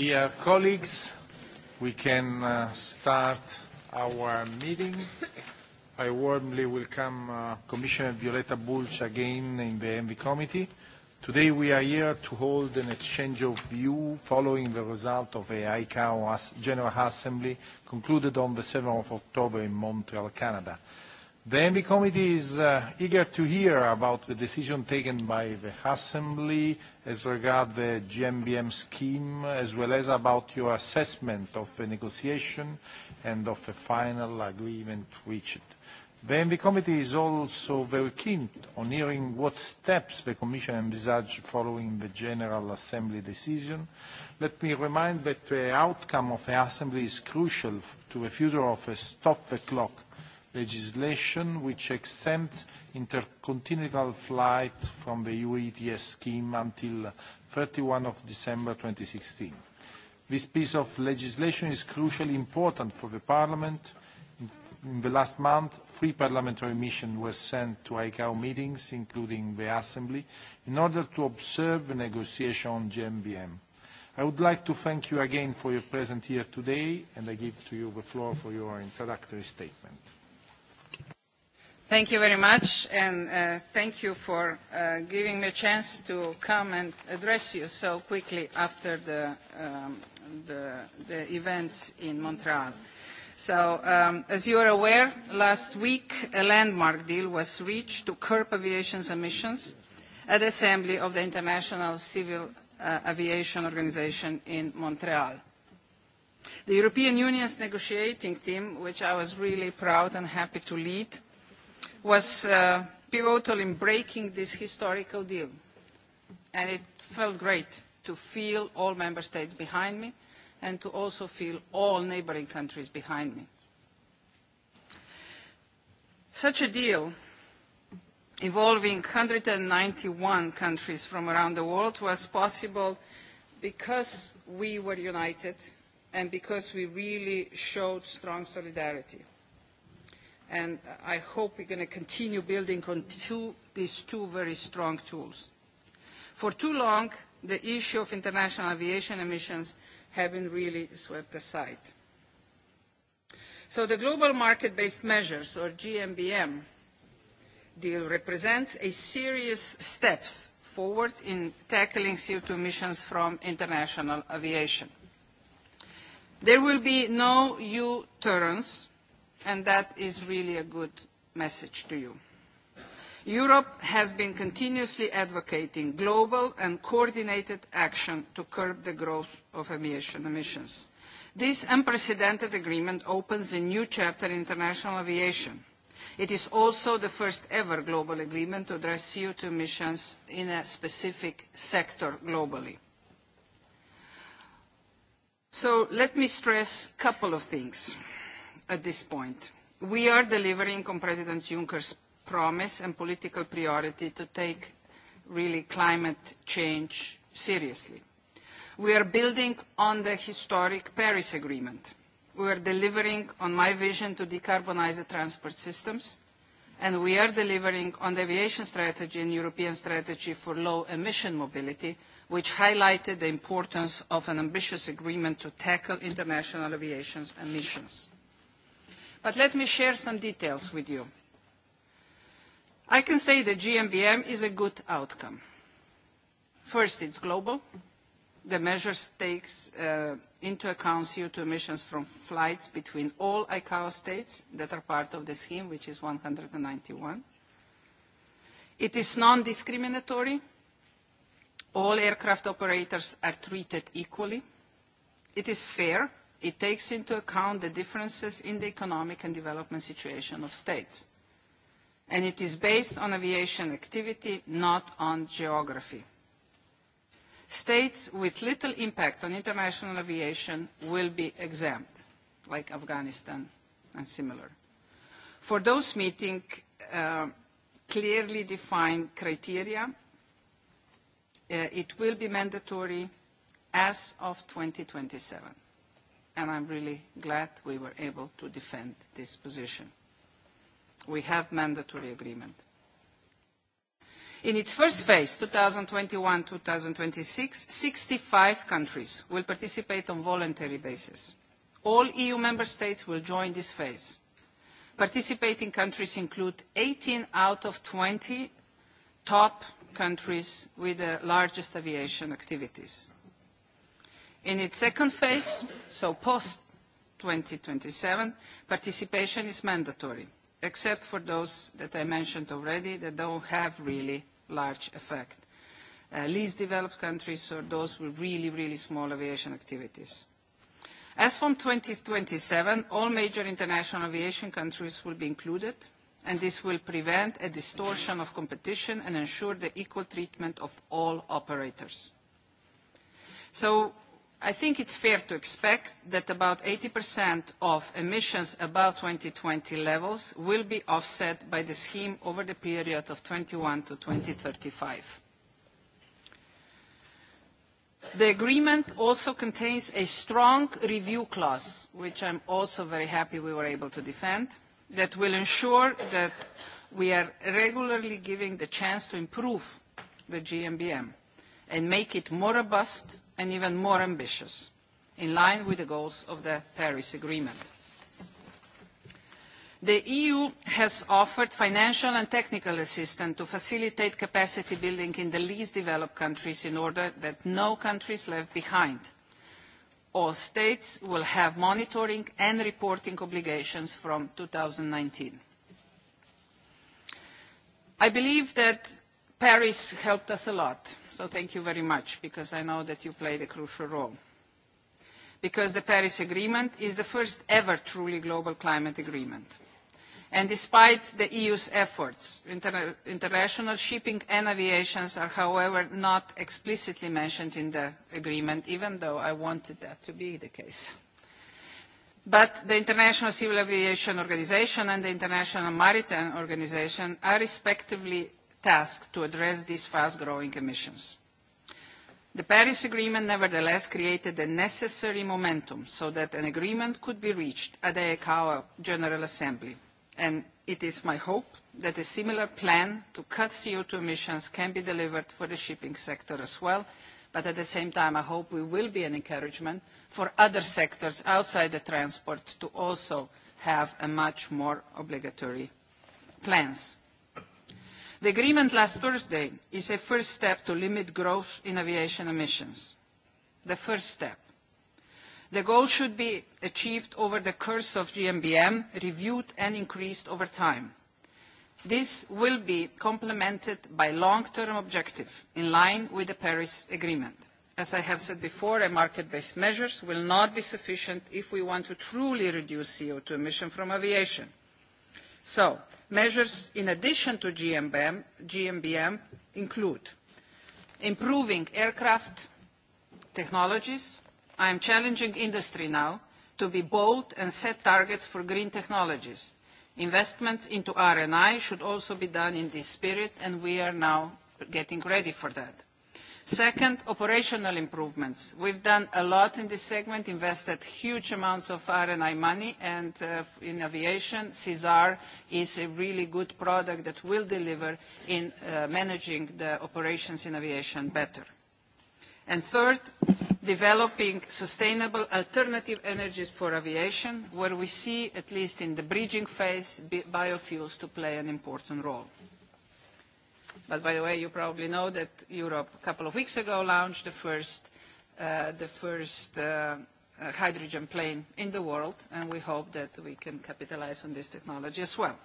Dear colleagues, we can uh, start our meeting. I warmly welcome uh, Commissioner Violeta Bulc again in the ENVI Committee. Today we are here to hold an exchange of view following the result of the General Assembly concluded on the 7th of October in Montreal, Canada. The ENVI Committee is uh, eager to hear about the decision taken by the Assembly as regards the GMBM scheme, as well as about your assessment of the negotiation and of the final agreement reached. The ENVI Committee is also very keen on hearing what steps the Commission envisaged following the General Assembly decision. Let me remind that the outcome of the Assembly is crucial to the future of a stop-the-clock legislation which exempt intercontinental flight from the EU ETS scheme until 31 of December 2016. This piece of legislation is crucially important for the Parliament. In the last month, three parliamentary missions were sent to ICAO meetings, including the Assembly, in order to observe the negotiation on GMBM. I would like to thank you again for your presence here today, and I give to you the floor for your introductory statement. Thank you very much, and uh, thank you for uh, giving me a chance to come and address you so quickly after the, um, the, the events in Montreal. So, um, as you are aware, last week a landmark deal was reached to curb aviation emissions at the Assembly of the International Civil uh, Aviation Organization in Montreal. The European Union's negotiating team, which I was really proud and happy to lead, was uh, pivotal in breaking this historical deal. And it felt great to feel all member states behind me and to also feel all neighboring countries behind me. Such a deal involving 191 countries from around the world was possible because we were united and because we really showed strong solidarity and I hope we're going to continue building on two, these two very strong tools. For too long, the issue of international aviation emissions have been really swept aside. So the Global Market-Based Measures, or GMBM, deal represents a serious steps forward in tackling CO2 emissions from international aviation. There will be no U-turns and that is really a good message to you. Europe has been continuously advocating global and coordinated action to curb the growth of aviation emissions. This unprecedented agreement opens a new chapter in international aviation. It is also the first ever global agreement to address CO2 emissions in a specific sector globally. So let me stress a couple of things at this point. We are delivering on President Juncker's promise and political priority to take really climate change seriously. We are building on the historic Paris Agreement. We are delivering on my vision to decarbonize the transport systems, and we are delivering on the aviation strategy and European strategy for low-emission mobility, which highlighted the importance of an ambitious agreement to tackle international aviation's emissions. But let me share some details with you. I can say that GMBM is a good outcome. First, it's global. The measures takes uh, into account CO2 emissions from flights between all ICAO states that are part of the scheme, which is 191. It is non-discriminatory. All aircraft operators are treated equally. It is fair It takes into account the differences in the economic and development situation of states. And it is based on aviation activity, not on geography. States with little impact on international aviation will be exempt, like Afghanistan and similar. For those meeting uh, clearly defined criteria, uh, it will be mandatory as of 2027 and I'm really glad we were able to defend this position. We have mandatory agreement. In its first phase, 2021-2026, 65 countries will participate on voluntary basis. All EU member states will join this phase. Participating countries include 18 out of 20 top countries with the largest aviation activities. In its second phase, so post-2027, participation is mandatory, except for those that I mentioned already that don't have really large effect, uh, least developed countries or those with really, really small aviation activities. As from 2027, all major international aviation countries will be included, and this will prevent a distortion of competition and ensure the equal treatment of all operators. So I think it's fair to expect that about 80% of emissions above 2020 levels will be offset by the scheme over the period of 2021 to 2035. The agreement also contains a strong review clause, which I'm also very happy we were able to defend, that will ensure that we are regularly giving the chance to improve the GMBM and make it more robust and even more ambitious, in line with the goals of the Paris Agreement. The EU has offered financial and technical assistance to facilitate capacity building in the least developed countries in order that no country is left behind. All states will have monitoring and reporting obligations from 2019. I believe that Paris helped us a lot. So thank you very much, because I know that you played a crucial role. Because the Paris Agreement is the first ever truly global climate agreement. And despite the EU's efforts, inter international shipping and aviation are, however, not explicitly mentioned in the agreement, even though I wanted that to be the case. But the International Civil Aviation Organization and the International Maritime Organization are respectively task to address these fast-growing emissions. The Paris Agreement nevertheless created the necessary momentum so that an agreement could be reached at the ICAO General Assembly, and it is my hope that a similar plan to cut CO2 emissions can be delivered for the shipping sector as well, but at the same time, I hope we will be an encouragement for other sectors outside the transport to also have a much more obligatory plans. The agreement last Thursday is a first step to limit growth in aviation emissions. The first step. The goal should be achieved over the course of GMBM, reviewed and increased over time. This will be complemented by long-term objective in line with the Paris Agreement. As I have said before, market-based measures will not be sufficient if we want to truly reduce CO2 emission from aviation. So Measures in addition to GMBM, include improving aircraft technologies. I am challenging industry now to be bold and set targets for green technologies. Investments into R&I should also be done in this spirit, and we are now getting ready for that. Second, operational improvements. We've done a lot in this segment, invested huge amounts of R&I money, and uh, in aviation, Sesar is a really good product that will deliver in uh, managing the operations in aviation better. And third, developing sustainable alternative energies for aviation, where we see, at least in the bridging phase, biofuels to play an important role. But by the way, you probably know that Europe, a couple of weeks ago, launched the first, uh, the first uh, uh, hydrogen plane in the world, and we hope that we can capitalize on this technology as well.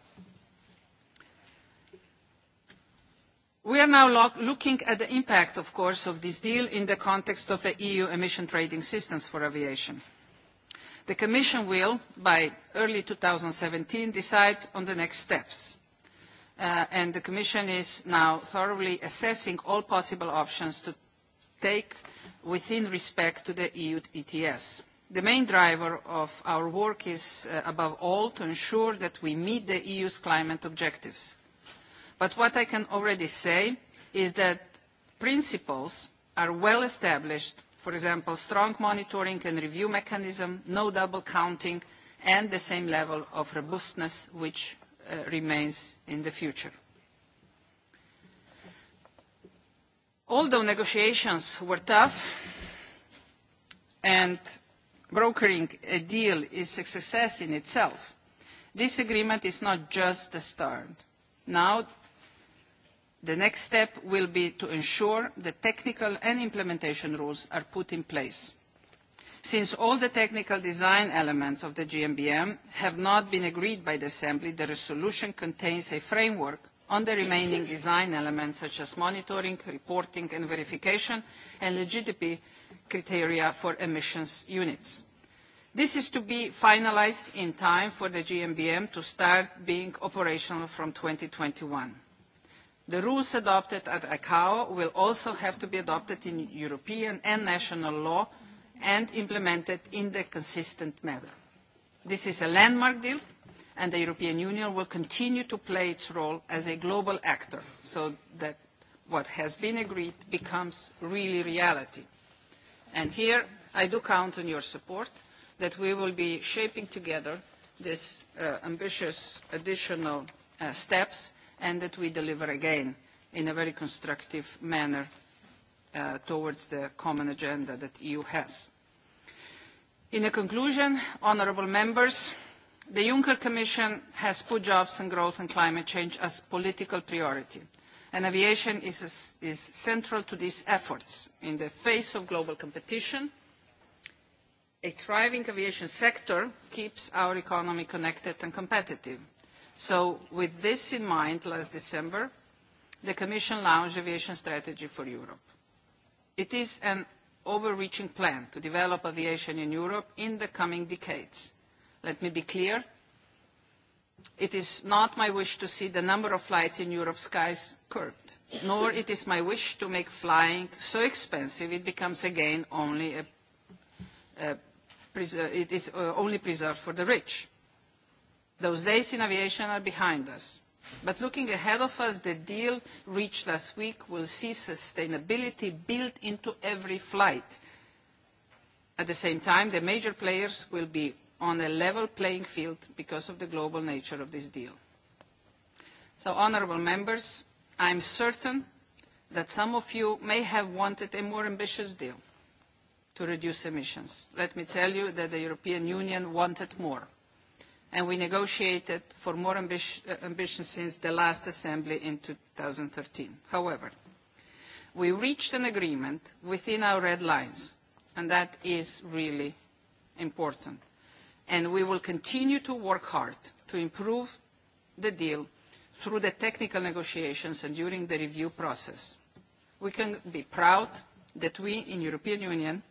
We are now looking at the impact, of course, of this deal in the context of the EU emission trading systems for aviation. The Commission will, by early 2017, decide on the next steps. Uh, and the Commission is now thoroughly assessing all possible options to take within respect to the EU ETS. The main driver of our work is, uh, above all, to ensure that we meet the EU's climate objectives. But what I can already say is that principles are well established, for example, strong monitoring and review mechanism, no double counting, and the same level of robustness which Uh, remains in the future. Although negotiations were tough and brokering a deal is a success in itself, this agreement is not just the start. Now, the next step will be to ensure the technical and implementation rules are put in place Since all the technical design elements of the GMBM have not been agreed by the Assembly, the resolution contains a framework on the remaining design elements such as monitoring, reporting and verification, and legitimacy criteria for emissions units. This is to be finalized in time for the GMBM to start being operational from 2021. The rules adopted at ICAO will also have to be adopted in European and national law and implemented in a consistent manner. This is a landmark deal, and the European Union will continue to play its role as a global actor so that what has been agreed becomes really reality. And here, I do count on your support that we will be shaping together these uh, ambitious additional uh, steps and that we deliver again in a very constructive manner Uh, towards the common agenda that EU has. In a conclusion, honourable members, the Juncker Commission has put jobs and growth and climate change as political priority, and aviation is, is central to these efforts. In the face of global competition, a thriving aviation sector keeps our economy connected and competitive. So with this in mind, last December, the Commission launched Aviation Strategy for Europe. It is an overreaching plan to develop aviation in Europe in the coming decades. Let me be clear. It is not my wish to see the number of flights in Europe's skies curbed, nor it is my wish to make flying so expensive it becomes again only, a, uh, preserved for the rich. Those days in aviation are behind us. But looking ahead of us, the deal reached last week will see sustainability built into every flight. At the same time, the major players will be on a level playing field because of the global nature of this deal. So, honorable members, I am certain that some of you may have wanted a more ambitious deal to reduce emissions. Let me tell you that the European Union wanted more and we negotiated for more uh, ambition since the last assembly in 2013. However, we reached an agreement within our red lines, and that is really important. And we will continue to work hard to improve the deal through the technical negotiations and during the review process. We can be proud that we in European Union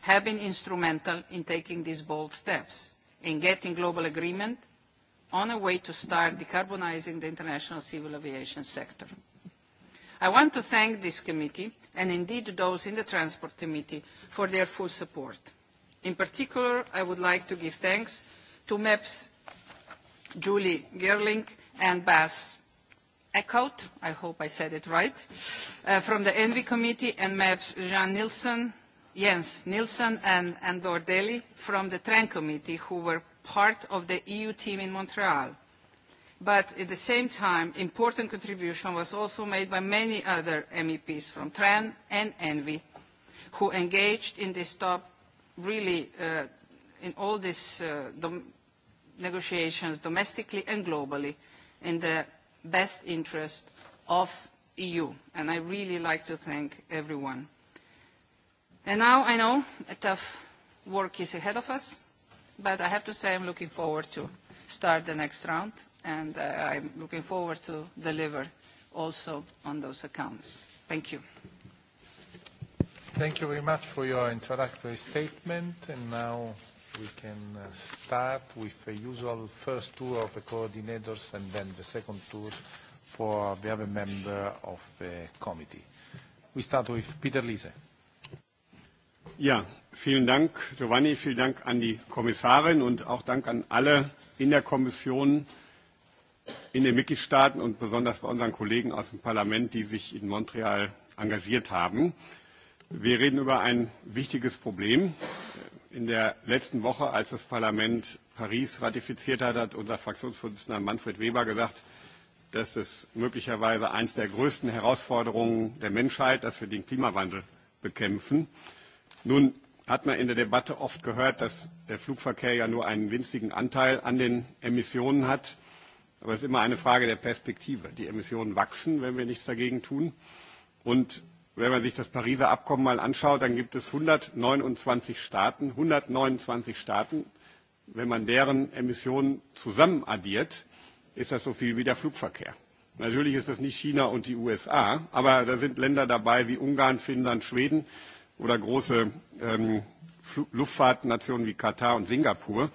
have been instrumental in taking these bold steps and getting global agreement on a way to start decarbonizing the international civil aviation sector. I want to thank this committee, and indeed those in the Transport Committee, for their full support. In particular, I would like to give thanks to MEPS Julie Gerling and Bas Eckhout, I hope I said it right, uh, from the Envi Committee, and MEPS Jean Nielsen Jens Nilsson and Andor Deli from the TRAN committee who were part of the EU team in Montreal. But at the same time, important contribution was also made by many other MEPs from TRAN and ENVI who engaged in this top, really uh, in all these uh, dom negotiations domestically and globally in the best interest of EU. And I really like to thank everyone. And now I know a tough work is ahead of us, but I have to say I'm looking forward to start the next round, and uh, I'm looking forward to deliver also on those accounts. Thank you. Thank you very much for your introductory statement. And now we can uh, start with the usual first tour of the coordinators and then the second tour for the other member of the committee. We start with Peter Liese. Ja, vielen Dank, Giovanni. Vielen Dank an die Kommissarin und auch Dank an alle in der Kommission, in den Mitgliedstaaten und besonders bei unseren Kollegen aus dem Parlament, die sich in Montreal engagiert haben. Wir reden über ein wichtiges Problem. In der letzten Woche, als das Parlament Paris ratifiziert hat, hat unser Fraktionsvorsitzender Manfred Weber gesagt, dass es möglicherweise eines der größten Herausforderungen der Menschheit, dass wir den Klimawandel bekämpfen. Nun hat man in der Debatte oft gehört, dass der Flugverkehr ja nur einen winzigen Anteil an den Emissionen hat. Aber es ist immer eine Frage der Perspektive. Die Emissionen wachsen, wenn wir nichts dagegen tun. Und wenn man sich das Pariser Abkommen mal anschaut, dann gibt es 129 Staaten, 129 Staaten. Wenn man deren Emissionen zusammen addiert, ist das so viel wie der Flugverkehr. Natürlich ist das nicht China und die USA, aber da sind Länder dabei wie Ungarn, Finnland, Schweden, oder große ähm, Luftfahrtnationen wie Katar und Singapur.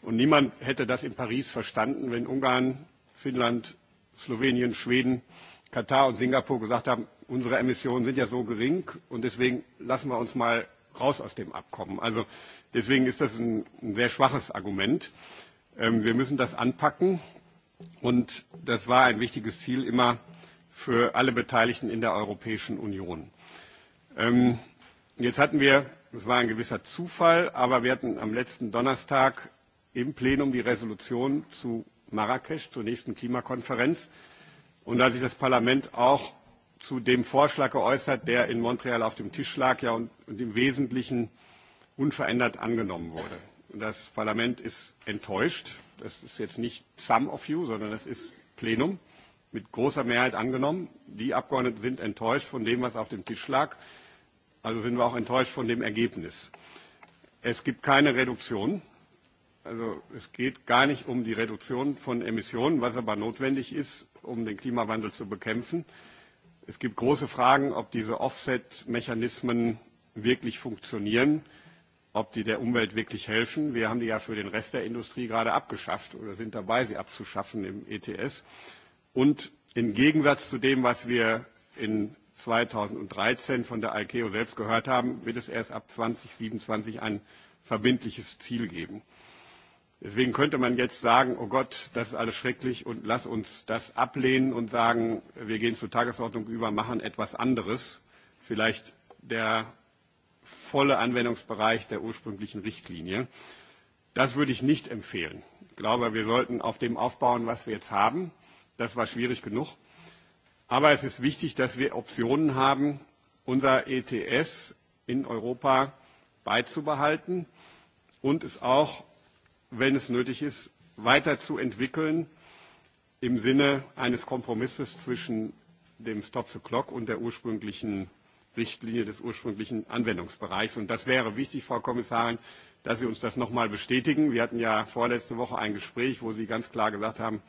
Und niemand hätte das in Paris verstanden, wenn Ungarn, Finnland, Slowenien, Schweden, Katar und Singapur gesagt haben, unsere Emissionen sind ja so gering und deswegen lassen wir uns mal raus aus dem Abkommen. Also deswegen ist das ein, ein sehr schwaches Argument. Ähm, wir müssen das anpacken und das war ein wichtiges Ziel immer für alle Beteiligten in der Europäischen Union. Ähm, Jetzt hatten wir, es war ein gewisser Zufall, aber wir hatten am letzten Donnerstag im Plenum die Resolution zu Marrakesch, zur nächsten Klimakonferenz. Und da sich das Parlament auch zu dem Vorschlag geäußert, der in Montreal auf dem Tisch lag ja, und, und im Wesentlichen unverändert angenommen wurde. Und das Parlament ist enttäuscht. Das ist jetzt nicht some of you, sondern das ist Plenum mit großer Mehrheit angenommen. Die Abgeordneten sind enttäuscht von dem, was auf dem Tisch lag. Also sind wir auch enttäuscht von dem Ergebnis. Es gibt keine Reduktion. Also es geht gar nicht um die Reduktion von Emissionen, was aber notwendig ist, um den Klimawandel zu bekämpfen. Es gibt große Fragen, ob diese Offset-Mechanismen wirklich funktionieren, ob die der Umwelt wirklich helfen. Wir haben die ja für den Rest der Industrie gerade abgeschafft oder sind dabei, sie abzuschaffen im ETS. Und im Gegensatz zu dem, was wir in 2013 von der ICAO selbst gehört haben, wird es erst ab 2027 ein verbindliches Ziel geben. Deswegen könnte man jetzt sagen, oh Gott, das ist alles schrecklich und lass uns das ablehnen und sagen, wir gehen zur Tagesordnung über, machen etwas anderes. Vielleicht der volle Anwendungsbereich der ursprünglichen Richtlinie. Das würde ich nicht empfehlen. Ich glaube, wir sollten auf dem aufbauen, was wir jetzt haben. Das war schwierig genug. Aber es ist wichtig, dass wir Optionen haben, unser ETS in Europa beizubehalten und es auch, wenn es nötig ist, weiterzuentwickeln im Sinne eines Kompromisses zwischen dem Stop the Clock und der ursprünglichen Richtlinie des ursprünglichen Anwendungsbereichs. Und das wäre wichtig, Frau Kommissarin, dass Sie uns das noch einmal bestätigen. Wir hatten ja vorletzte Woche ein Gespräch, wo Sie ganz klar gesagt haben,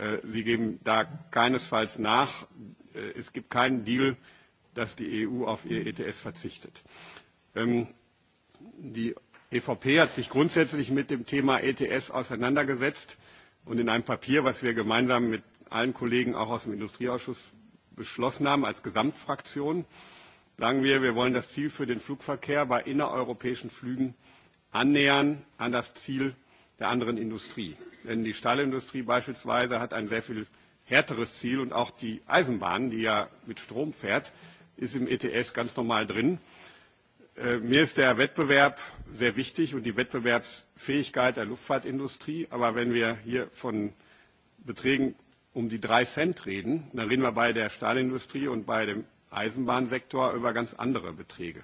Äh, Sie geben da keinesfalls nach. Äh, es gibt keinen Deal, dass die EU auf ihr ETS verzichtet. Ähm, die EVP hat sich grundsätzlich mit dem Thema ETS auseinandergesetzt und in einem Papier, was wir gemeinsam mit allen Kollegen auch aus dem Industrieausschuss beschlossen haben als Gesamtfraktion, sagen wir, wir wollen das Ziel für den Flugverkehr bei innereuropäischen Flügen annähern an das Ziel der anderen Industrie. Denn die Stahlindustrie beispielsweise hat ein sehr viel härteres Ziel und auch die Eisenbahn, die ja mit Strom fährt, ist im ETS ganz normal drin. Äh, mir ist der Wettbewerb sehr wichtig und die Wettbewerbsfähigkeit der Luftfahrtindustrie. Aber wenn wir hier von Beträgen um die drei Cent reden, dann reden wir bei der Stahlindustrie und bei dem Eisenbahnsektor über ganz andere Beträge.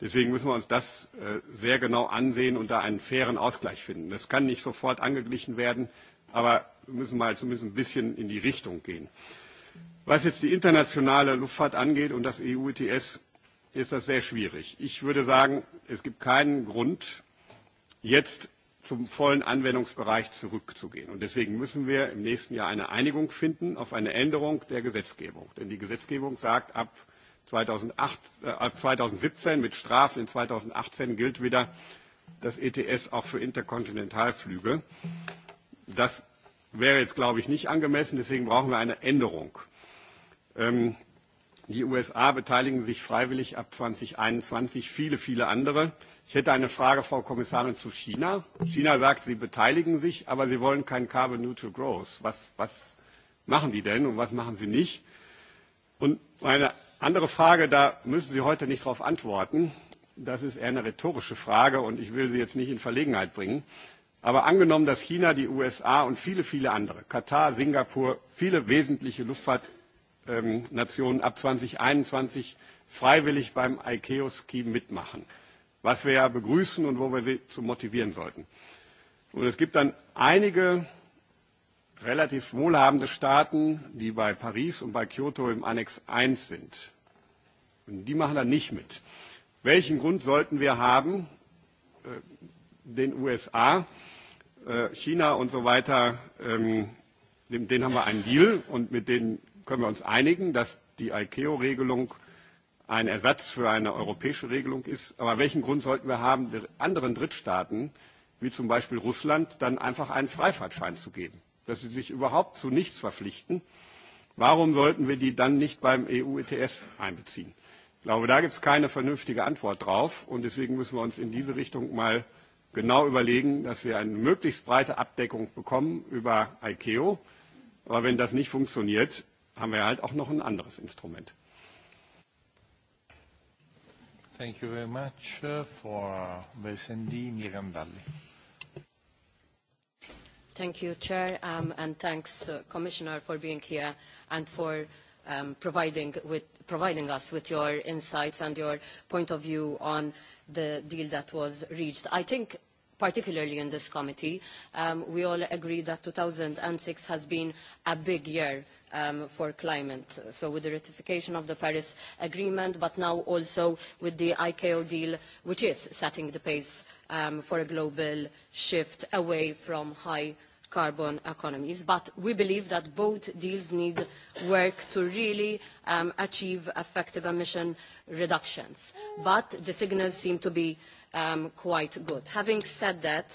Deswegen müssen wir uns das äh, sehr genau ansehen und da einen fairen Ausgleich finden. Das kann nicht sofort angeglichen werden, aber wir müssen mal zumindest ein bisschen in die Richtung gehen. Was jetzt die internationale Luftfahrt angeht und das EU-ETS, ist das sehr schwierig. Ich würde sagen, es gibt keinen Grund, jetzt zum vollen Anwendungsbereich zurückzugehen. Und deswegen müssen wir im nächsten Jahr eine Einigung finden auf eine Änderung der Gesetzgebung. Denn die Gesetzgebung sagt ab 2008, äh, 2017 mit Strafen. In 2018 gilt wieder das ETS auch für Interkontinentalflüge. Das wäre jetzt, glaube ich, nicht angemessen. Deswegen brauchen wir eine Änderung. Ähm, die USA beteiligen sich freiwillig ab 2021, viele, viele andere. Ich hätte eine Frage, Frau Kommissarin, zu China. China sagt, sie beteiligen sich, aber sie wollen kein Carbon Neutral Growth. Was, was machen die denn und was machen sie nicht? Und meine Andere Frage, da müssen Sie heute nicht darauf antworten. Das ist eher eine rhetorische Frage und ich will Sie jetzt nicht in Verlegenheit bringen. Aber angenommen, dass China, die USA und viele, viele andere, Katar, Singapur, viele wesentliche Luftfahrtnationen ab 2021 freiwillig beim icao scheme mitmachen, was wir ja begrüßen und wo wir sie zu motivieren sollten. Und es gibt dann einige relativ wohlhabende Staaten, die bei Paris und bei Kyoto im Annex I sind. Und die machen da nicht mit. Welchen Grund sollten wir haben, äh, den USA, äh, China und so weiter, mit ähm, denen haben wir einen Deal und mit denen können wir uns einigen, dass die ICAO-Regelung ein Ersatz für eine europäische Regelung ist. Aber welchen Grund sollten wir haben, anderen Drittstaaten, wie zum Beispiel Russland, dann einfach einen Freifahrtschein zu geben? dass sie sich überhaupt zu nichts verpflichten, warum sollten wir die dann nicht beim EU-ETS einbeziehen? Ich glaube, da gibt es keine vernünftige Antwort drauf. Und deswegen müssen wir uns in diese Richtung mal genau überlegen, dass wir eine möglichst breite Abdeckung bekommen über ICAO. Aber wenn das nicht funktioniert, haben wir halt auch noch ein anderes Instrument. Thank you very much uh, for the SND Thank you, Chair, um, and thanks, uh, Commissioner, for being here and for um, providing, with, providing us with your insights and your point of view on the deal that was reached. I think particularly in this committee, um, we all agree that 2006 has been a big year um, for climate. So with the ratification of the Paris Agreement, but now also with the ICAO deal, which is setting the pace um, for a global shift away from high carbon economies. But we believe that both deals need work to really um, achieve effective emission reductions. But the signals seem to be um, quite good. Having said that,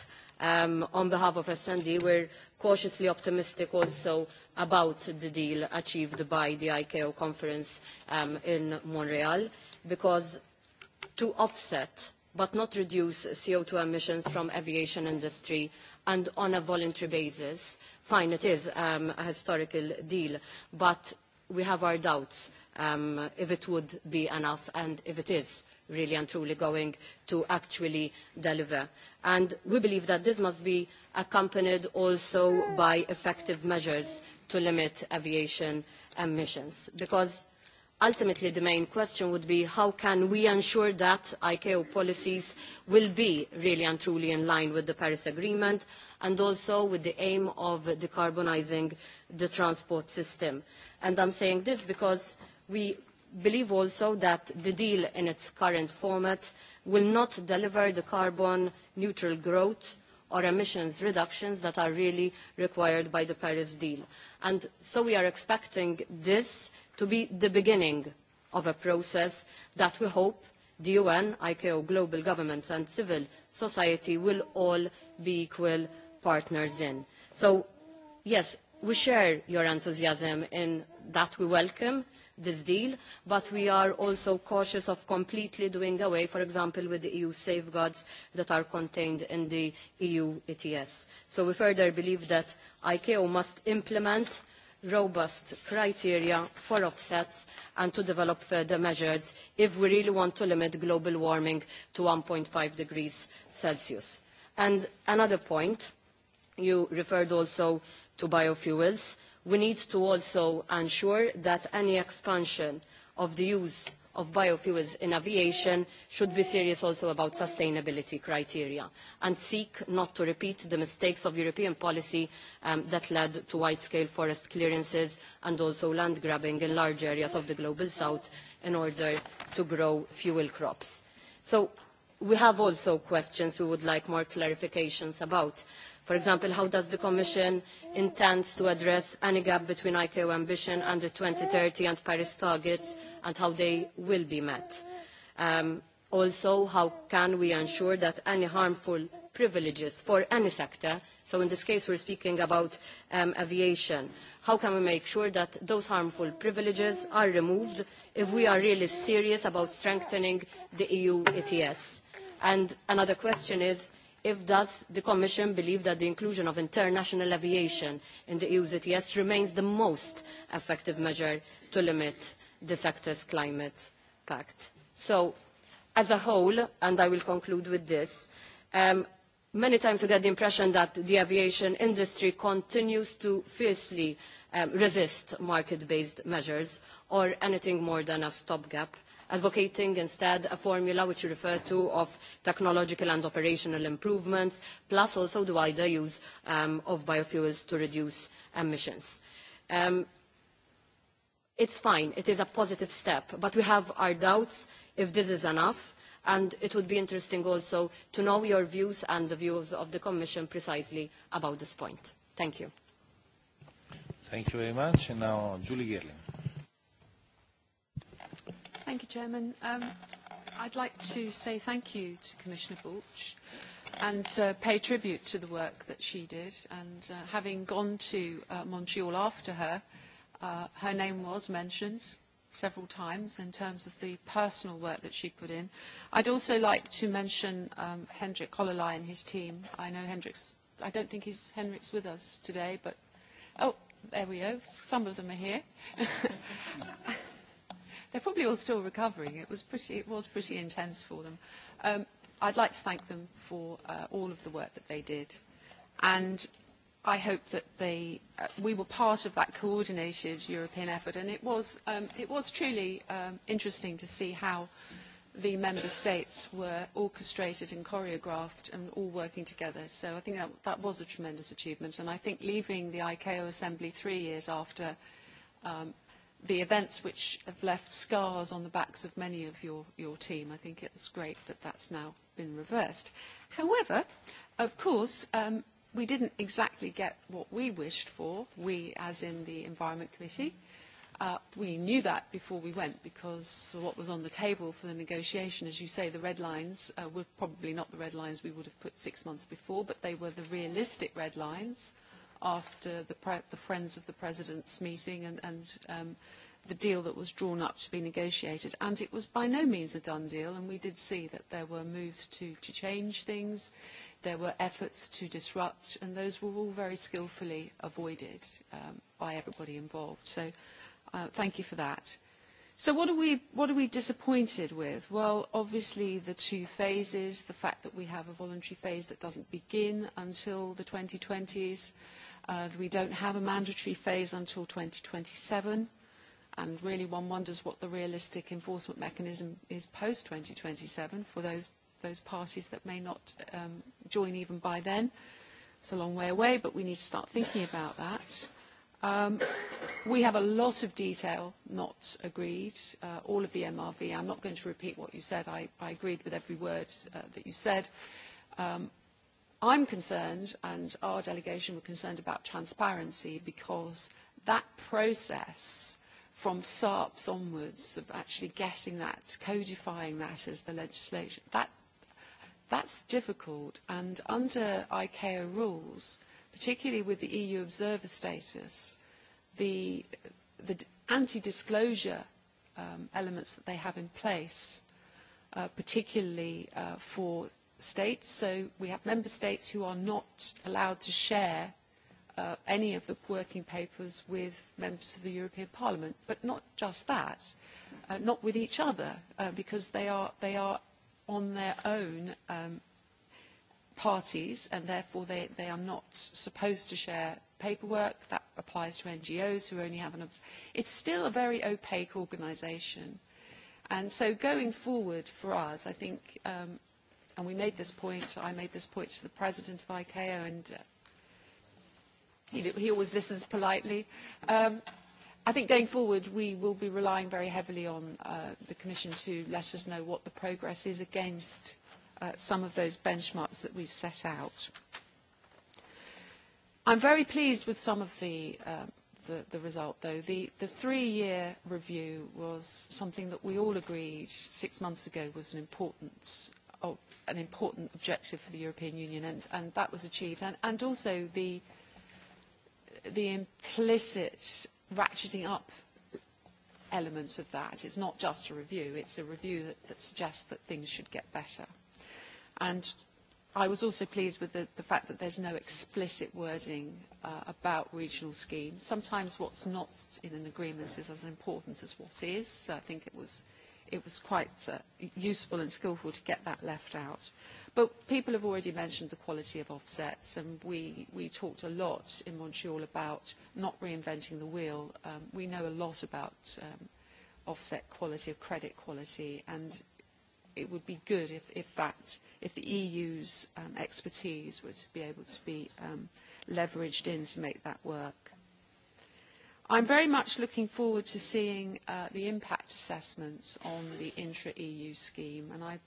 um, on behalf of SND, we're cautiously optimistic also about the deal achieved by the ICAO conference um, in Montreal, because to offset but not reduce CO2 emissions from aviation industry and on a voluntary basis. Fine, it is um, a historical deal, but we have our doubts um, if it would be enough and if it is really and truly going to actually deliver. And we believe that this must be accompanied also by effective measures to limit aviation emissions because ultimately the main question would be how can we ensure that ICAO policies will be really and truly in line with the Paris Agreement and also with the aim of decarbonising the transport system. And I'm saying this because we believe also that the deal in its current format will not deliver the carbon neutral growth or emissions reductions that are really required by the Paris deal. And so we are expecting this to be the beginning of a process that we hope the UN, ICAO, global governments and civil society will all be equal partners in. So yes, we share your enthusiasm in that we welcome this deal, but we are also cautious of completely doing away, for example, with the EU safeguards that are contained in the EU ETS. So we further believe that ICAO must implement robust criteria for offsets and to develop further measures if we really want to limit global warming to 1.5 degrees Celsius. And another point, you referred also to biofuels. We need to also ensure that any expansion of the use of biofuels in aviation should be serious also about sustainability criteria and seek not to repeat the mistakes of European policy um, that led to wide-scale forest clearances and also land grabbing in large areas of the Global South in order to grow fuel crops. So we have also questions we would like more clarifications about. For example, how does the Commission intend to address any gap between ICAO ambition and the 2030 and Paris targets and how they will be met. Um, also, how can we ensure that any harmful privileges for any sector, so in this case we're speaking about um, aviation, how can we make sure that those harmful privileges are removed if we are really serious about strengthening the EU ETS? And another question is, if does the Commission believe that the inclusion of international aviation in the EU's ETS remains the most effective measure to limit disastrous climate pact. So as a whole, and I will conclude with this, um, many times we get the impression that the aviation industry continues to fiercely um, resist market-based measures or anything more than a stopgap, advocating instead a formula which you refer to of technological and operational improvements, plus also the wider use um, of biofuels to reduce emissions. Um, it's fine, it is a positive step, but we have our doubts if this is enough, and it would be interesting also to know your views and the views of the Commission precisely about this point. Thank you. Thank you very much. And now Julie Gerling. Thank you, Chairman. Um, I'd like to say thank you to Commissioner Bulch and uh, pay tribute to the work that she did. And uh, having gone to uh, Montreal after her, uh, Uh, her name was mentioned several times in terms of the personal work that she put in. I'd also like to mention um, Hendrik Kollerlei and his team. I know Hendrik's, I don't think he's, Hendrik's with us today, but, oh, there we go. Some of them are here. They're probably all still recovering. It was pretty, it was pretty intense for them. Um, I'd like to thank them for uh, all of the work that they did. And I hope that they, uh, we were part of that coordinated European effort, and it was, um, it was truly um, interesting to see how the member states were orchestrated and choreographed and all working together. So I think that, that was a tremendous achievement, and I think leaving the ICAO Assembly three years after um, the events which have left scars on the backs of many of your, your team, I think it's great that that's now been reversed. However, of course, um, we didn't exactly get what we wished for, we as in the Environment Committee. Uh, we knew that before we went because what was on the table for the negotiation, as you say, the red lines uh, were probably not the red lines we would have put six months before, but they were the realistic red lines after the, pre the Friends of the President's meeting and, and um, the deal that was drawn up to be negotiated. And it was by no means a done deal, and we did see that there were moves to, to change things there were efforts to disrupt, and those were all very skillfully avoided um, by everybody involved. So uh, thank you for that. So what are, we, what are we disappointed with? Well, obviously the two phases, the fact that we have a voluntary phase that doesn't begin until the 2020s, uh, we don't have a mandatory phase until 2027, and really one wonders what the realistic enforcement mechanism is post-2027 for those those parties that may not um, join even by then. It's a long way away, but we need to start thinking about that. Um, we have a lot of detail not agreed, uh, all of the MRV. I'm not going to repeat what you said. I, I agreed with every word uh, that you said. Um, I'm concerned, and our delegation were concerned about transparency because that process from SARPs onwards of actually getting that, codifying that as the legislation, that That's difficult, and under ICAO rules, particularly with the EU observer status, the, the anti-disclosure um, elements that they have in place, uh, particularly uh, for states. So we have member states who are not allowed to share uh, any of the working papers with members of the European Parliament, but not just that, uh, not with each other, uh, because they are, they are on their own um, parties and therefore they, they are not supposed to share paperwork. That applies to NGOs who only have an... It's still a very opaque organisation. And so going forward for us, I think, um, and we made this point, I made this point to the president of ICAO and uh, he, he always listens politely. Um, I think going forward, we will be relying very heavily on uh, the Commission to let us know what the progress is against uh, some of those benchmarks that we've set out. I'm very pleased with some of the, uh, the, the result, though. The, the three-year review was something that we all agreed six months ago was an important, oh, an important objective for the European Union, and, and that was achieved. And, and also the, the implicit ratcheting up elements of that. It's not just a review, it's a review that, that suggests that things should get better. And I was also pleased with the, the fact that there's no explicit wording uh, about regional schemes. Sometimes what's not in an agreement is as important as what is, so I think it was, it was quite uh, useful and skillful to get that left out. But people have already mentioned the quality of offsets, and we, talked a lot in Montreal about not reinventing the wheel. Um, we know a lot about um, offset quality, of credit quality, and it would be good if, the EU's um, expertise were to be able to be leveraged in to make that work. I'm very much looking forward to seeing uh, the impact assessments on the intra-EU scheme, and I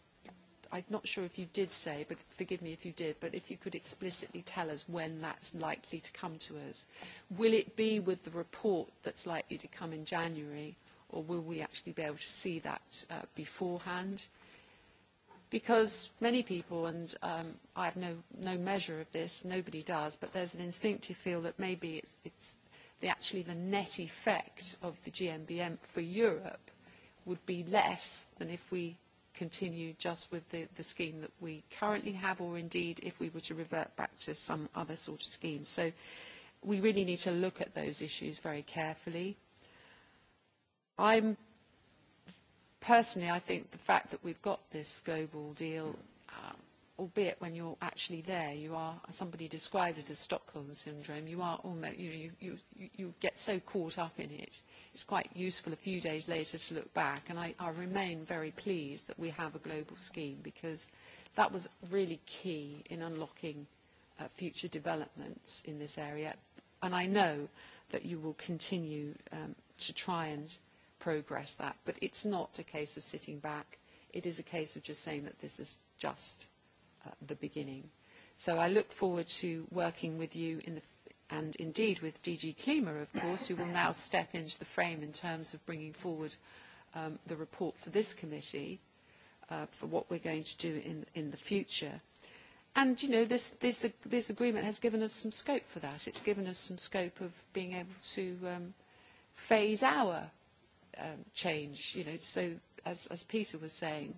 I'm not sure if you did say, but forgive me if you did, but if you could explicitly tell us when that's likely to come to us. Will it be with the report that's likely to come in January, or will we actually be able to see that uh, beforehand? Because many people, and um, I have no, no measure of this, nobody does, but there's an instinctive feel that maybe it's the, actually the net effect of the GMBM for Europe would be less than if we continue just with the, the scheme that we currently have, or indeed if we were to revert back to some other sort of scheme. So we really need to look at those issues very carefully. I'm personally, I think the fact that we've got this global deal albeit when you're actually there, you are, somebody described it as Stockholm syndrome, you are almost, you, you, you, you get so caught up in it. It's quite useful a few days later to look back, and I, I remain very pleased that we have a global scheme because that was really key in unlocking uh, future developments in this area. And I know that you will continue um, to try and progress that, but it's not a case of sitting back. It is a case of just saying that this is just the beginning. So I look forward to working with you in the, and indeed with DG Klima, of course, who will now step into the frame in terms of bringing forward um, the report for this committee uh, for what we're going to do in, in the future. And, you know, this, this, this agreement has given us some scope for that. It's given us some scope of being able to um, phase our um, change, you know, so as, as Peter was saying,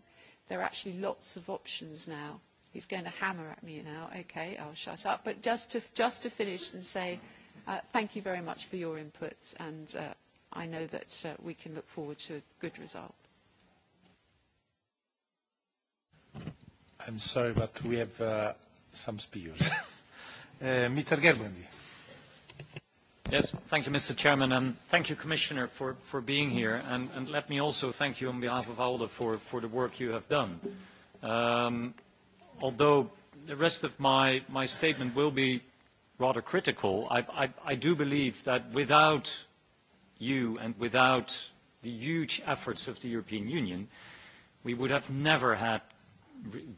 there are actually lots of options now he's going to hammer at me now. Okay, I'll shut up. But just to, just to finish and say uh, thank you very much for your inputs, and uh, I know that uh, we can look forward to a good result. I'm sorry, but we have uh, some speakers. uh, Mr. Gerbundi. Yes, thank you, Mr. Chairman, and thank you, Commissioner, for, for being here. And, and let me also thank you on behalf of ALDA for, for the work you have done. Um, although the rest of my, my statement will be rather critical, I, I, I do believe that without you and without the huge efforts of the European Union, we would have never had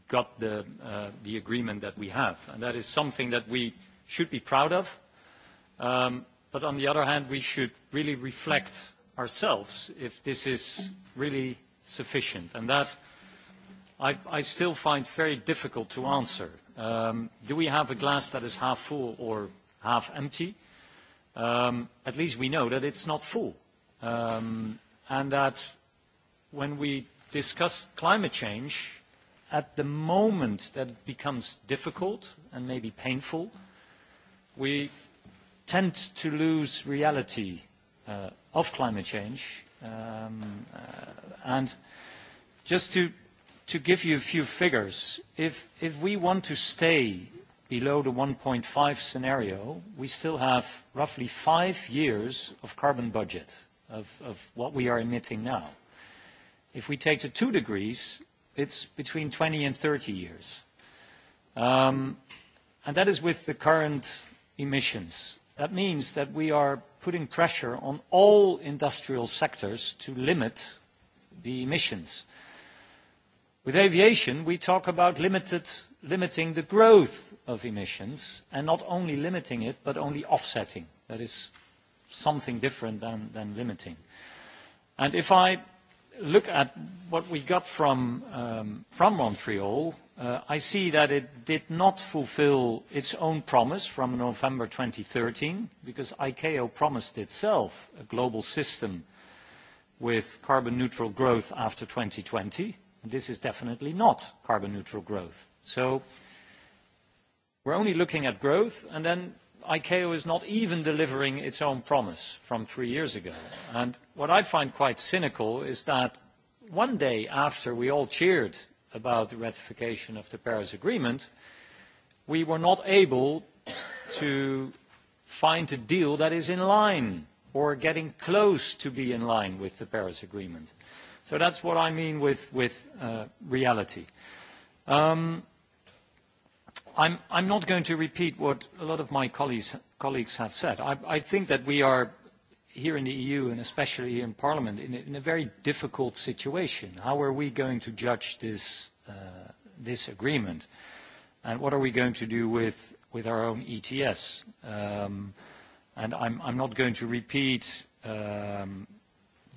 got the, uh, the agreement that we have. And that is something that we should be proud of. Um, but on the other hand, we should really reflect ourselves if this is really sufficient. And that – I, I still find very difficult to answer. Um, do we have a glass that is half full or half empty? Um, at least we know that it's not full. Um, and that when we discuss climate change, at the moment that it becomes difficult and maybe painful, we tend to lose reality uh, of climate change. Um, uh, and just to to give you a few figures, if, we want to stay below the 1.5 scenario, we still have roughly five years of carbon budget of, what we are emitting now. If we take the two degrees, it's between 20 and 30 years. Um, and that is with the current emissions. That means that we are putting pressure on all industrial sectors to limit the emissions. With aviation, we talk about limited, limiting the growth of emissions and not only limiting it, but only offsetting. That is something different than, than limiting. And if I look at what we got from, um, from Montreal, uh, I see that it did not fulfill its own promise from November 2013, because ICAO promised itself a global system with carbon neutral growth after 2020 And this is definitely not carbon neutral growth. So we're only looking at growth, and then ICAO is not even delivering its own promise from three years ago. And what I find quite cynical is that one day after we all cheered about the ratification of the Paris Agreement, we were not able to find a deal that is in line or getting close to be in line with the Paris Agreement. So that's what I mean with, with uh, reality. Um, I'm, I'm not going to repeat what a lot of my colleagues, colleagues have said. I, I think that we are here in the EU and especially here in Parliament in a, in a very difficult situation. How are we going to judge this, uh, this agreement? And what are we going to do with, with our own ETS? Um, and I'm, I'm not going to repeat um,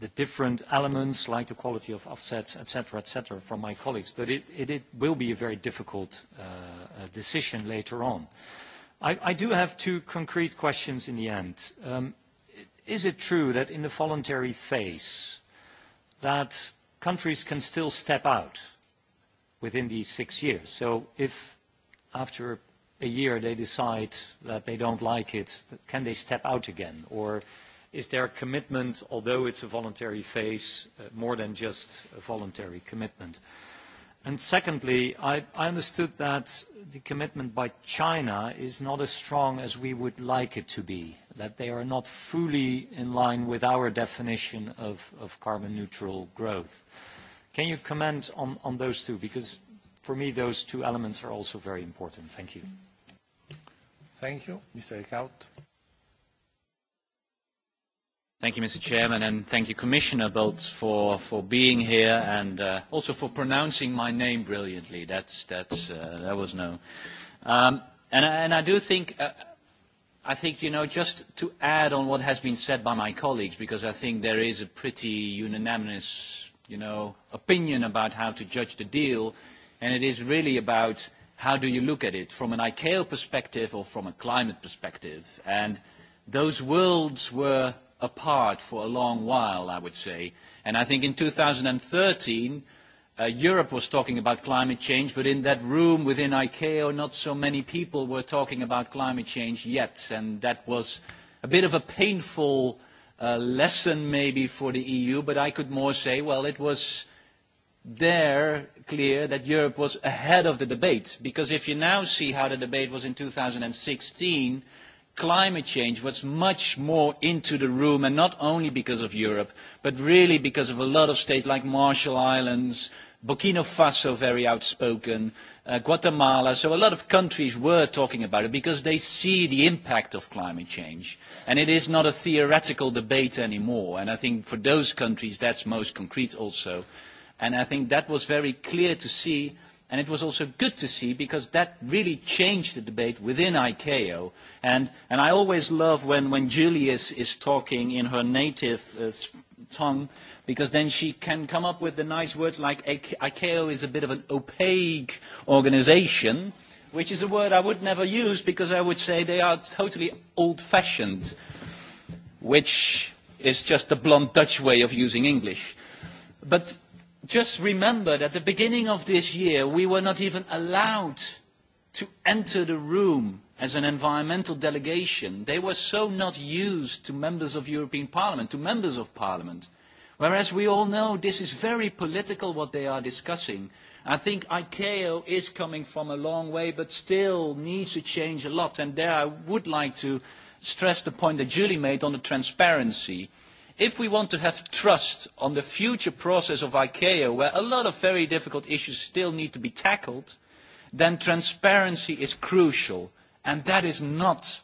the different elements like the quality of offsets, et cetera, et cetera, from my colleagues. But it, will be a very difficult uh, uh, decision later on. I, do have two concrete questions in the end. Um, is it true that in the voluntary phase that countries can still step out within these six years? So if after a year they decide that they don't like it, can they step out again? Or is their commitment, although it's a voluntary phase, uh, more than just a voluntary commitment? And secondly, I, I understood that the commitment by China is not as strong as we would like it to be, that they are not fully in line with our definition of, of carbon neutral growth. Can you comment on, on those two? Because for me, those two elements are also very important. Thank you. Thank you. Mr. Eckhout. Thank you, Mr. Chairman, and thank you, Commissioner Boltz, for, for being here and uh, also for pronouncing my name brilliantly. That's, that's, uh, that was no. Um, and, and I do think, uh, I think, you know, just to add on what has been said by my colleagues, because I think there is a pretty unanimous, you know, opinion about how to judge the deal, and it is really about how do you look at it from an ICAO perspective or from a climate perspective. And those worlds were apart for a long while, I would say. And I think in 2013, uh, Europe was talking about climate change, but in that room within ICAO, not so many people were talking about climate change yet. And that was a bit of a painful uh, lesson maybe for the EU, but I could more say, well, it was there clear that Europe was ahead of the debate. Because if you now see how the debate was in 2016, climate change was much more into the room, and not only because of Europe, but really because of a lot of states like Marshall Islands, Burkina Faso very outspoken, uh, Guatemala. So a lot of countries were talking about it because they see the impact of climate change. And it is not a theoretical debate anymore. And I think for those countries, that's most concrete also. And I think that was very clear to see And it was also good to see because that really changed the debate within ICAO. And, and I always love when, when Julius is talking in her native uh, tongue because then she can come up with the nice words like ICAO is a bit of an opaque organization, which is a word I would never use because I would say they are totally old-fashioned, which is just the blunt Dutch way of using English. But just remember that at the beginning of this year, we were not even allowed to enter the room as an environmental delegation. They were so not used to members of European Parliament, to members of Parliament. Whereas we all know this is very political what they are discussing. I think ICAO is coming from a long way, but still needs to change a lot. And there I would like to stress the point that Julie made on the transparency. Uh, if we want to have trust on the future process of ICAO, where a lot of very difficult issues still need to be tackled, then transparency is crucial. And that is not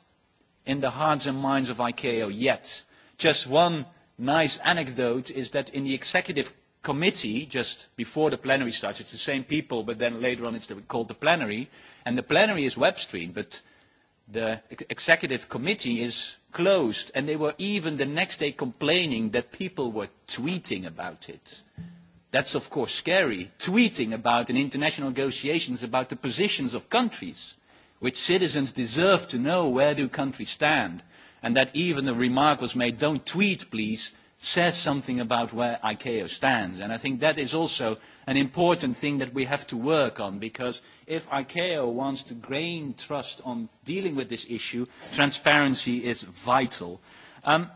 in the hearts and minds of ICAO yet. Just one nice anecdote is that in the executive committee, just before the plenary starts, it's the same people, but then later on it's called the plenary, and the plenary is web streamed but the executive committee is closed, and they were even the next day complaining that people were tweeting about it. That's of course scary, tweeting about an international negotiations about the positions of countries, which citizens deserve to know where do countries stand, and that even the remark was made, don't tweet please, says something about where ICAO stands. And I think that is also an important thing that we have to work on because if ICAO wants to gain trust on dealing with this issue, transparency is vital. Um,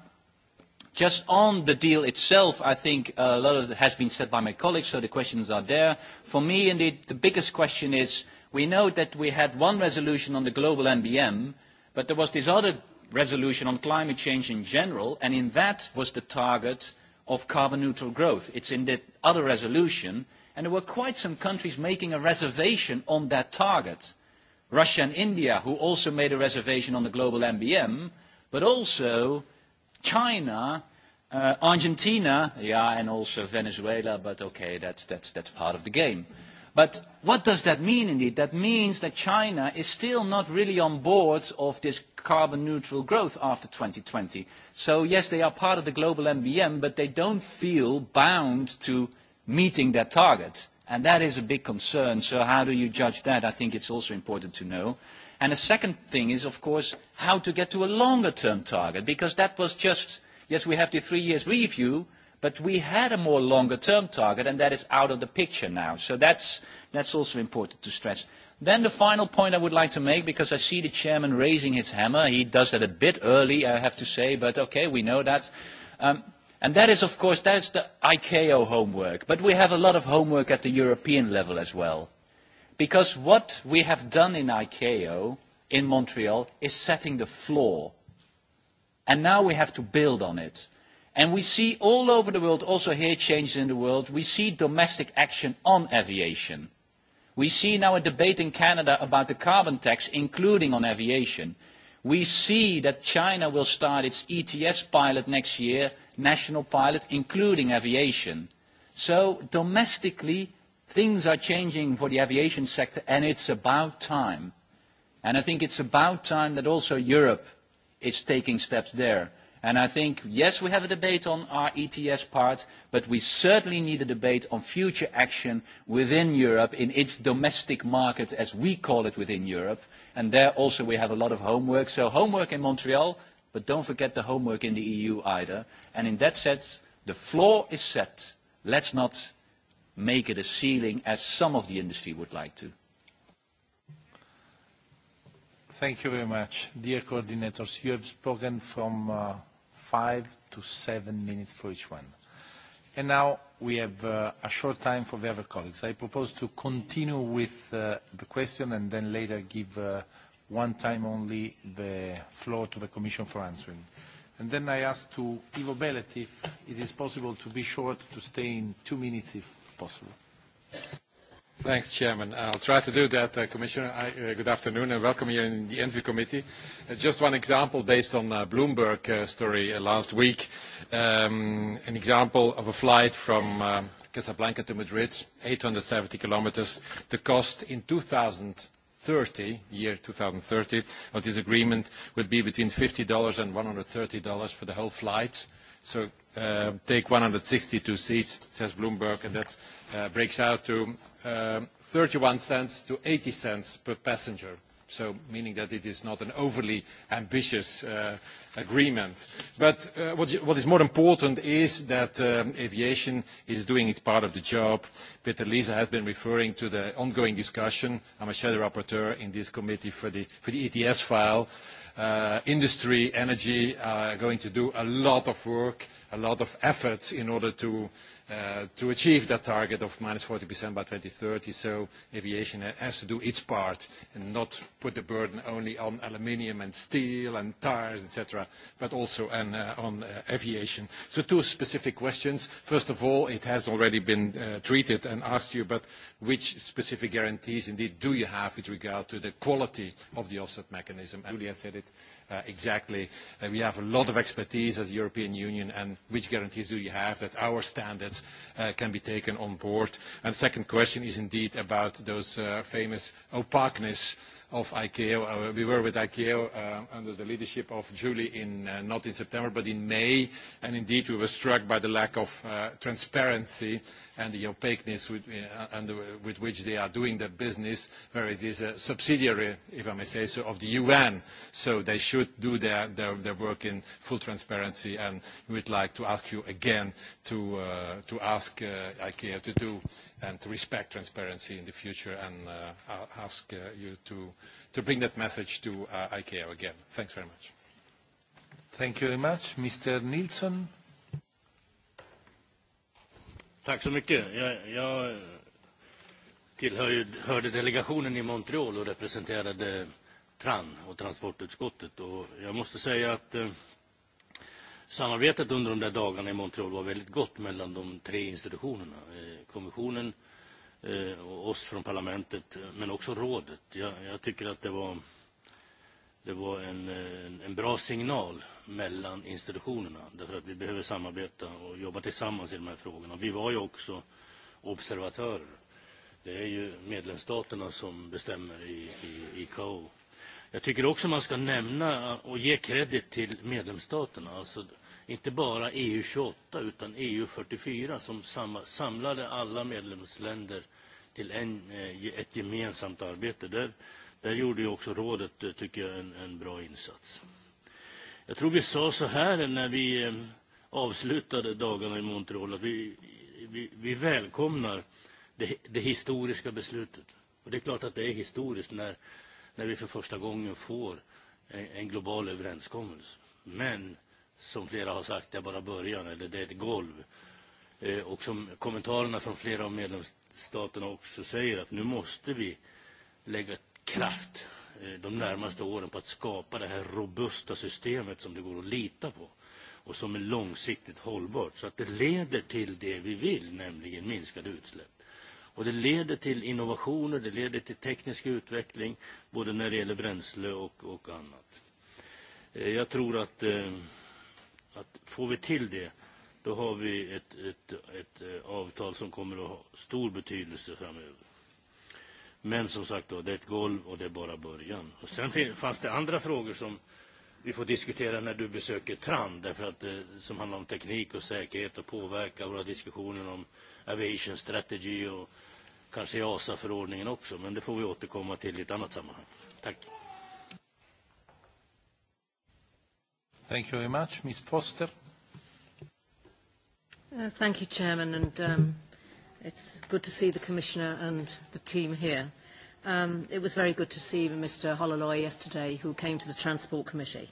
Just on the deal itself, I think uh, a lot of it has been said by my colleagues, so the questions are there. For me, indeed, the biggest question is, we know that we had one resolution on the global NBM, but there was this other resolution on climate change in general, and in that was the target of carbon neutral growth. It's in the other resolution, And there were quite some countries making a reservation on that target. Russia and India, who also made a reservation on the global MBM, but also China, uh, Argentina, yeah, and also Venezuela, but okay, that's, that's, that's part of the game. But what does that mean indeed? That means that China is still not really on board of this carbon neutral growth after 2020. So yes, they are part of the global MBM, but they don't feel bound to meeting that target. And that is a big concern. So how do you judge that? I think it's also important to know. And the second thing is, of course, how to get to a longer-term target, because that was just, yes, we have the three years review, but we had a more longer-term target, and that is out of the picture now. So that's, that's also important to stress. Then the final point I would like to make, because I see the chairman raising his hammer. He does that a bit early, I have to say, but okay, we know that. Um, And that is, of course, that's the ICAO homework. But we have a lot of homework at the European level as well. Because what we have done in ICAO, in Montreal, is setting the floor. And now we have to build on it. And we see all over the world, also here changes in the world, we see domestic action on aviation. We see now a debate in Canada about the carbon tax, including on aviation. We see that China will start its ETS pilot next year national pilot, including aviation. So domestically, things are changing for the aviation sector, and it's about time. And I think it's about time that also Europe is taking steps there. And I think, yes, we have a debate on our ETS part, but we certainly need a debate on future action within Europe, in its domestic market, as we call it within Europe. And there also we have a lot of homework. So homework in Montreal, but don't forget the homework in the EU either. And in that sense, the floor is set. Let's not make it a ceiling as some of the industry would like to. Thank you very much. Dear coordinators, you have spoken from uh, five to seven minutes for each one. And now we have uh, a short time for the other colleagues. I propose to continue with uh, the question and then later give uh, one time only the floor to the Commission for answering. And then I ask to Ivo Belet if it is possible to be short, to stay in two minutes if possible. Thanks, Chairman. I'll try to do that, uh, Commissioner. Uh, good afternoon and welcome here in the ENVI Committee. Uh, just one example based on a Bloomberg story last week. Um, an example of a flight from Casablanca to Madrid, 870 kilometers. The cost in 2000 2030, year 2030, what this agreement would be between $50 and $130 for the whole flight. So uh, take 162 seats, says Bloomberg, and that uh, breaks out to uh, um, 31 cents 80 cents per passenger so meaning that it is not an overly ambitious uh, agreement. But uh, what, is more important is that um, aviation is doing its part of the job. Peter Liese has been referring to the ongoing discussion. I'm a shadow rapporteur in this committee for the, ETS e file. Uh, industry, energy are going to do a lot of work, a lot of efforts in order to Uh, to achieve that target of minus -40% by 2030. So aviation has to do its part and not put the burden only on aluminum and steel and tires, et cetera, but also uh, on, uh, aviation. two specific questions. First of all, it has already been treated and asked you, but which specific guarantees indeed do you have with regard to the quality of the offset mechanism? And Julia said it, Uh, exactly uh, we have a lot of expertise as the European Union and which guarantees do you have that our standards uh, can be taken on board? And the second question is indeed about those famous opaqueness of ICAO. we were with ICAO under the leadership of Julie in, not in September, but in May, and indeed we were struck by the lack of transparency and the opaqueness uh, with, which they are doing their business, where it is a subsidiary, if I may say so, of the UN. So they should do their, their, their work in full transparency, and we would like to ask you again to, uh, to ask uh, ICAO to do and to respect transparency in the future, and uh, ask uh, you to, to bring that message to uh, ICAO again. Thanks very much. Thank you very much. Mr. Nilsson, Tack så mycket. Jag, jag tillhörde delegationen i Montreal och representerade TRAN och transportutskottet. Och jag måste säga att eh, samarbetet under de där dagarna i Montreal var väldigt gott mellan de tre institutionerna. Eh, kommissionen, eh, och oss från parlamentet, eh, men också rådet. Jag, jag tycker att det var det var en, en bra signal mellan institutionerna därför att vi behöver samarbeta och jobba tillsammans i de här frågorna. Vi var ju också observatörer. Det är ju medlemsstaterna som bestämmer i, i KO. Jag tycker också man ska nämna och ge kredit till medlemsstaterna. Alltså inte bara EU 28 utan EU 44 som samlade alla medlemsländer till en, eh, ett gemensamt arbete. Där Där gjorde ju också rådet, eh, tycker jag, en, en bra insats. Jag tror vi sa så här när vi eh, avslutade dagarna i Montreal att vi, vi, vi välkomnar det, det historiska beslutet. Och det är klart att det är historiskt när, när vi för första gången får en, en global överenskommelse. Men som flera har sagt, det är bara början, eller det är ett golv. Eh, och som kommentarerna från flera av medlemsstaterna också säger att nu måste vi lägga kraft eh, de närmaste åren på att skapa det här robusta systemet som det går att lita på och som är långsiktigt hållbart så att det leder till det vi vill, nämligen minskade utsläpp. Och det leder till innovationer, det leder till teknisk utveckling, både när det gäller bränsle och, och annat. Eh, jag tror att, eh, att får vi till det, då har vi ett, ett, ett avtal som kommer att ha stor betydelse framöver. Men som sagt då, det är ett golv och det är bara början. Och sen fanns det andra frågor som vi får diskutera när du besöker TRAN, därför att det, eh, som handlar om teknik och säkerhet och påverkar våra diskussioner om aviation strategy och kanske ASA e förordningen också. Men det får vi återkomma till i ett annat sammanhang. Tack. Thank you very much. Ms. Foster. Uh, thank you, Chairman. And, um... It's good to see the Commissioner and the team here. Um, it was very good to see Mr. Hololoy yesterday, who came to the Transport Committee.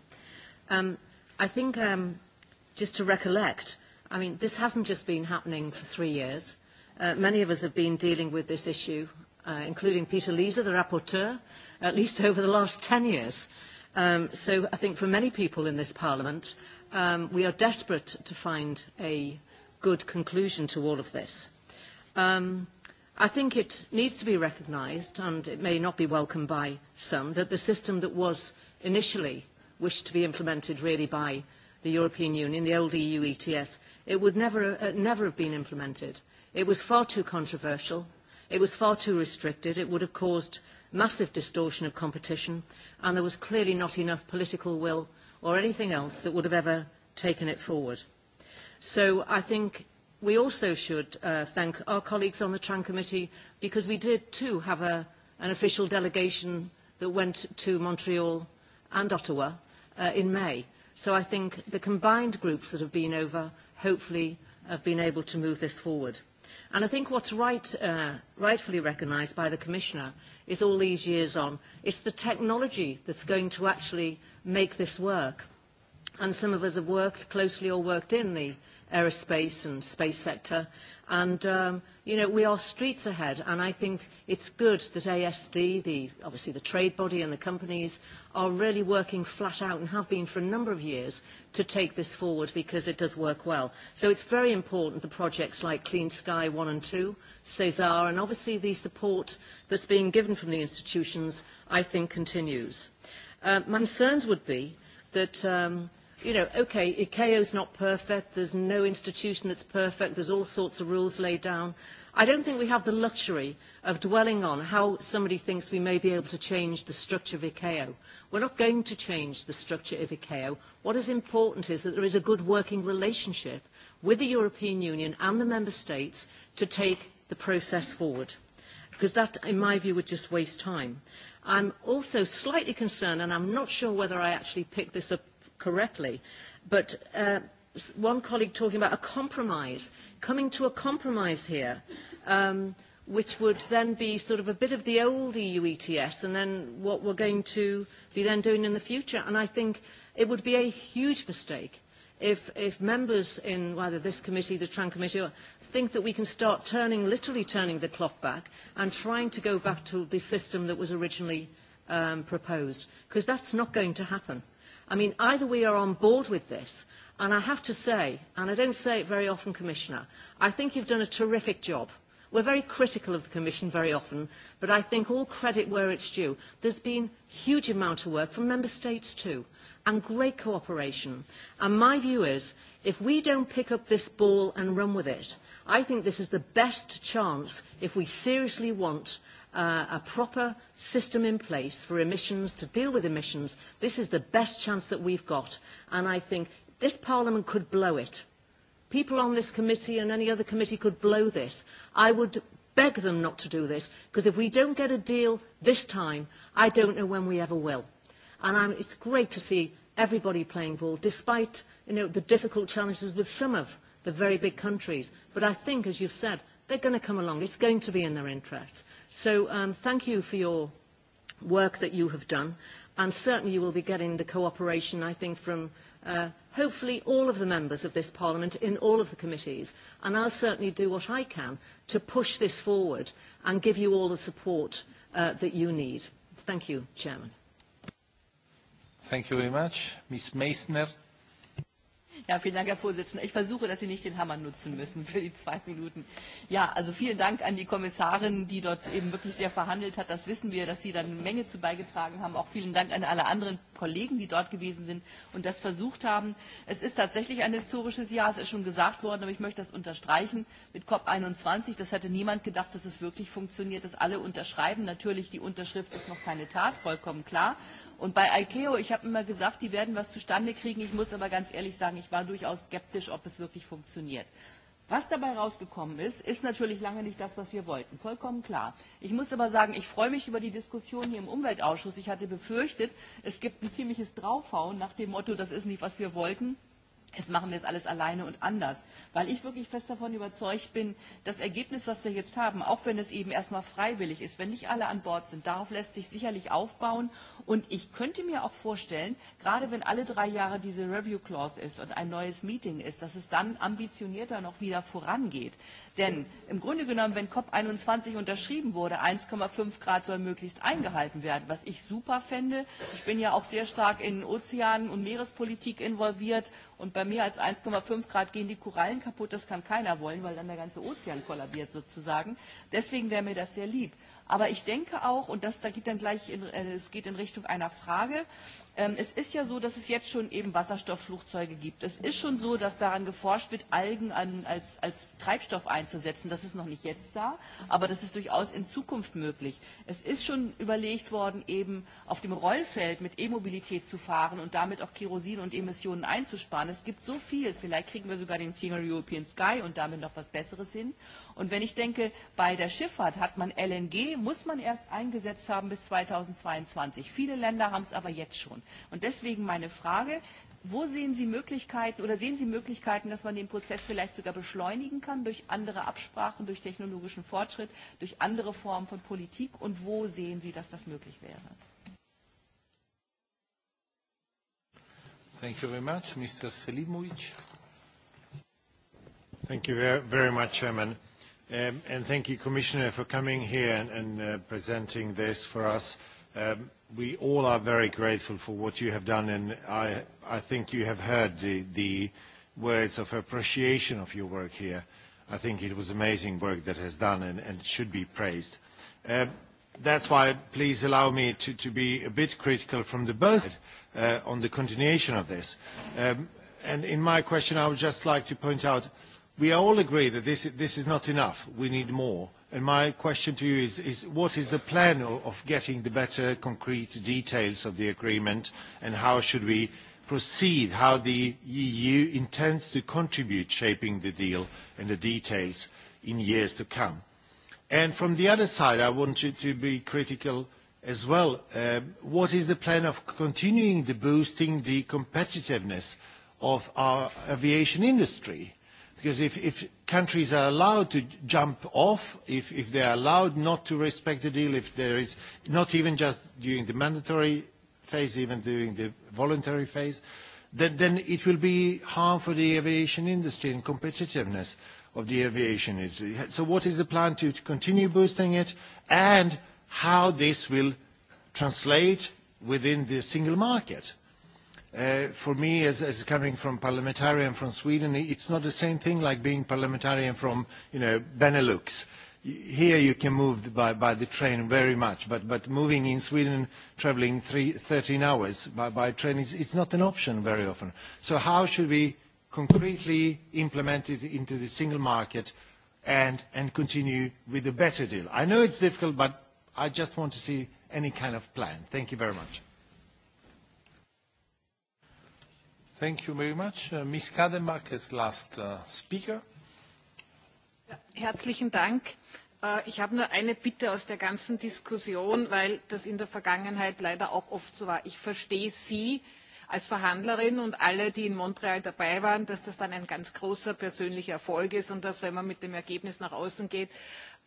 Um, I think, um, just to recollect, I mean, this hasn't just been happening for three years. Uh, many of us have been dealing with this issue, uh, including Peter Leaser, the rapporteur, at least over the last 10 years. Um, so I think for many people in this Parliament, um, we are desperate to find a good conclusion to all of this. Um, I think it needs to be recognised, and it may not be welcomed by some, that the system that was initially wished to be implemented really by the European Union, the old EU ETS, it would never, uh, never have been implemented. It was far too controversial. It was far too restricted. It would have caused massive distortion of competition, and there was clearly not enough political will or anything else that would have ever taken it forward. So I think we also should uh, thank our colleagues on the Tran Committee because we did too have a, an official delegation that went to Montreal and Ottawa uh, in May. So I think the combined groups that have been over hopefully have been able to move this forward. And I think what's right, uh, rightfully recognised by the Commissioner is all these years on, it's the technology that's going to actually make this work. And some of us have worked closely or worked in the aerospace and space sector. And, um, you know, we are streets ahead, and I think it's good that ASD, the, obviously the trade body and the companies, are really working flat out and have been for a number of years to take this forward because it does work well. So it's very important the projects like Clean Sky 1 and 2, CESAR, and obviously the support that's being given from the institutions, I think, continues. Uh, my concerns would be that um, you know, okay, is not perfect, there's no institution that's perfect, there's all sorts of rules laid down. I don't think we have the luxury of dwelling on how somebody thinks we may be able to change the structure of ICAO. We're not going to change the structure of ICAO. What is important is that there is a good working relationship with the European Union and the Member States to take the process forward. Because that, in my view, would just waste time. I'm also slightly concerned, and I'm not sure whether I actually picked this up correctly. But uh, one colleague talking about a compromise, coming to a compromise here, um, which would then be sort of a bit of the old EU ETS and then what we're going to be then doing in the future. And I think it would be a huge mistake if, if members in whether this committee, the TRAN committee, think that we can start turning, literally turning the clock back and trying to go back to the system that was originally um, proposed, because that's not going to happen. I mean, either we are on board with this, and I have to say, and I don't say it very often, Commissioner, I think you've done a terrific job. We're very critical of the Commission very often, but I think all credit where it's due. There's been huge amount of work from Member States too, and great cooperation. And my view is, if we don't pick up this ball and run with it, I think this is the best chance, if we seriously want uh, a proper system in place for emissions, to deal with emissions, this is the best chance that we've got. And I think this Parliament could blow it. People on this committee and any other committee could blow this. I would beg them not to do this, because if we don't get a deal this time, I don't know when we ever will. And I'm, it's great to see everybody playing ball, despite you know, the difficult challenges with some of the very big countries. But I think, as you've said, they're going to come along. It's going to be in their interest. So um, thank you for your work that you have done. And certainly you will be getting the cooperation, I think, from uh, hopefully all of the members of this Parliament in all of the committees. And I'll certainly do what I can to push this forward and give you all the support uh, that you need. Thank you, Chairman. Thank you very much. Ms. Meissner. Ja, vielen Dank, Herr Vorsitzender. Ich versuche, dass Sie nicht den Hammer nutzen müssen für die zwei Minuten. Ja, also vielen Dank an die Kommissarin, die dort eben wirklich sehr verhandelt hat. Das wissen wir, dass Sie dann eine Menge zu beigetragen haben. Auch vielen Dank an alle anderen Kollegen, die dort gewesen sind und das versucht haben. Es ist tatsächlich ein historisches Jahr, es ist schon gesagt worden, aber ich möchte das unterstreichen mit COP21. Das hätte niemand gedacht, dass es wirklich funktioniert, dass alle unterschreiben. Natürlich, die Unterschrift ist noch keine Tat, vollkommen klar. Und bei ICAO, ich habe immer gesagt, die werden was zustande kriegen. Ich muss aber ganz ehrlich sagen, ich war durchaus skeptisch, ob es wirklich funktioniert. Was dabei rausgekommen ist, ist natürlich lange nicht das, was wir wollten. Vollkommen klar. Ich muss aber sagen, ich freue mich über die Diskussion hier im Umweltausschuss. Ich hatte befürchtet, es gibt ein ziemliches Draufhauen nach dem Motto, das ist nicht, was wir wollten jetzt machen wir es alles alleine und anders. Weil ich wirklich fest davon überzeugt bin, das Ergebnis, was wir jetzt haben, auch wenn es eben erstmal freiwillig ist, wenn nicht alle an Bord sind, darauf lässt sich sicherlich aufbauen. Und ich könnte mir auch vorstellen, gerade wenn alle drei Jahre diese Review Clause ist und ein neues Meeting ist, dass es dann ambitionierter noch wieder vorangeht. Denn im Grunde genommen, wenn COP21 unterschrieben wurde, 1,5 Grad soll möglichst eingehalten werden, was ich super fände. Ich bin ja auch sehr stark in Ozeanen und Meerespolitik involviert Und bei mehr als 1,5 Grad gehen die Korallen kaputt. Das kann keiner wollen, weil dann der ganze Ozean kollabiert sozusagen. Deswegen wäre mir das sehr lieb. Aber ich denke auch, und das da geht dann gleich in, äh, es geht in Richtung einer Frage, Ähm, es ist ja so, dass es jetzt schon eben Wasserstoffflugzeuge gibt. Es ist schon so, dass daran geforscht wird, Algen an, als, als Treibstoff einzusetzen. Das ist noch nicht jetzt da, aber das ist durchaus in Zukunft möglich. Es ist schon überlegt worden, eben auf dem Rollfeld mit E-Mobilität zu fahren und damit auch Kerosin und Emissionen einzusparen. Es gibt so viel. Vielleicht kriegen wir sogar den Single European Sky und damit noch was Besseres hin. Und wenn ich denke, bei der Schifffahrt hat man LNG, muss man erst eingesetzt haben bis 2022. Viele Länder haben es aber jetzt schon. Und deswegen meine Frage, wo sehen Sie Möglichkeiten oder sehen Sie Möglichkeiten, dass man den Prozess vielleicht sogar beschleunigen kann durch andere Absprachen, durch technologischen Fortschritt, durch andere Formen von Politik? Und wo sehen Sie, dass das möglich wäre? Thank you very much. Mr. Selimovic. Thank you very, very much, Chairman. Um, and thank you, Commissioner, for coming here and, and uh, presenting this for us. Um, we all are very grateful for what you have done, and I, I think you have heard the, the words of appreciation of your work here. I think it was amazing work that has done and, and should be praised. Uh, that's why please allow me to, to be a bit critical from the both uh, on the continuation of this. Um, and in my question, I would just like to point out, we all agree that this, this is not enough. We need more. And My question to you is, is what is the plan of getting the better concrete details of the agreement, and how should we proceed, how the EU intends to contribute shaping the deal and the details in years to come? And From the other side, I want you to be critical as well. Uh, what is the plan of continuing the boosting the competitiveness of our aviation industry? Because if, if countries are allowed to jump off, if, if they are allowed not to respect the deal, if there is not even just during the mandatory phase, even during the voluntary phase, then, then it will be harm for the aviation industry and competitiveness of the aviation industry. So what is the plan to, to continue boosting it and how this will translate within the single market? Uh, for me, as, as coming from parliamentarian from Sweden, it's not the same thing like being parliamentarian from, you know, Benelux. Here you can move by, by the train very much, but, but moving in Sweden, traveling three, 13 hours by, by train, is, it's not an option very often. So how should we concretely implement it into the single market and, and continue with a better deal? I know it's difficult, but I just want to see any kind of plan. Thank you very much. Thank you very much. Uh, Ms. Kadenbach is last uh, speaker. Herzlichen Dank. Äh, ich habe nur eine Bitte aus der ganzen Diskussion, weil das in der Vergangenheit leider auch oft so war. Ich verstehe Sie als Verhandlerin und alle, die in Montreal dabei waren, dass das dann ein ganz großer persönlicher Erfolg ist und dass, wenn man mit dem Ergebnis nach außen geht,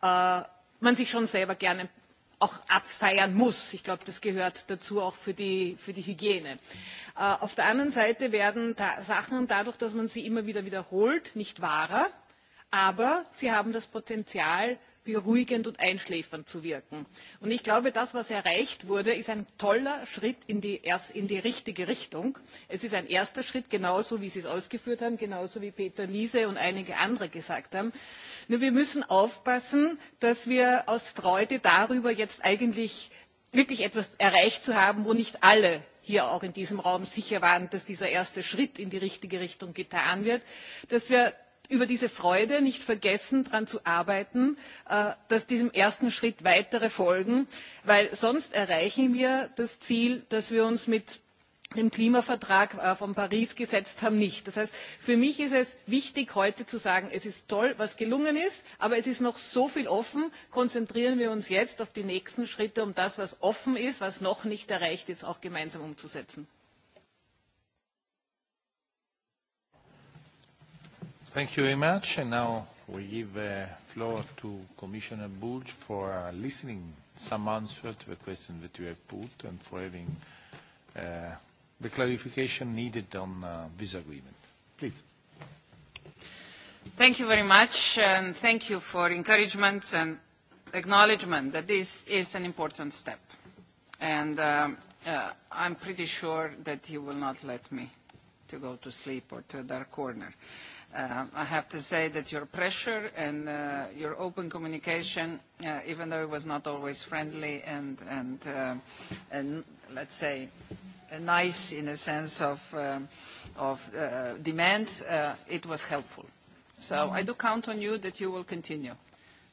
äh, man sich schon selber gerne auch abfeiern muss. Ich glaube, das gehört dazu auch für die, für die Hygiene. Äh, auf der anderen Seite werden da Sachen dadurch, dass man sie immer wieder wiederholt, nicht wahrer, aber sie haben das Potenzial, beruhigend und einschläfernd zu wirken. Und ich glaube, das, was erreicht wurde, ist ein toller Schritt in die, erst, in die richtige Richtung. Es ist ein erster Schritt, genauso wie Sie es ausgeführt haben, genauso wie Peter Liese und einige andere gesagt haben. Nur wir müssen aufpassen, dass wir aus Freude darüber jetzt eigentlich wirklich etwas erreicht zu haben, wo nicht alle hier auch in diesem Raum sicher waren, dass dieser erste Schritt in die richtige Richtung getan wird, dass wir über diese Freude nicht vergessen, daran zu arbeiten, äh, dass diesem ersten Schritt weitere folgen, weil sonst erreichen wir das Ziel, das wir uns mit dem Klimavertrag äh, von Paris gesetzt haben, nicht. Das heißt, für mich ist es wichtig, heute zu sagen, es ist toll, was gelungen ist, aber es ist noch so viel offen. Konzentrieren wir uns jetzt auf die nächsten Schritte, um das, was offen ist, was noch nicht erreicht ist, auch gemeinsam umzusetzen. Thank you very much. And now we give the uh, floor to Commissioner Bulge for uh, listening some answer to the question that you have put and for having uh, the clarification needed on uh, this agreement. Please. Thank you very much, and thank you for encouragement and acknowledgement that this is an important step. And um, uh, I'm pretty sure that you will not let me to go to sleep or to a dark corner. Uh, Uh, I have to say that your pressure and uh, your open communication, uh, even though it was not always friendly and, let's say, nice in a sense of, demands, it was helpful. So I do count on you that you will continue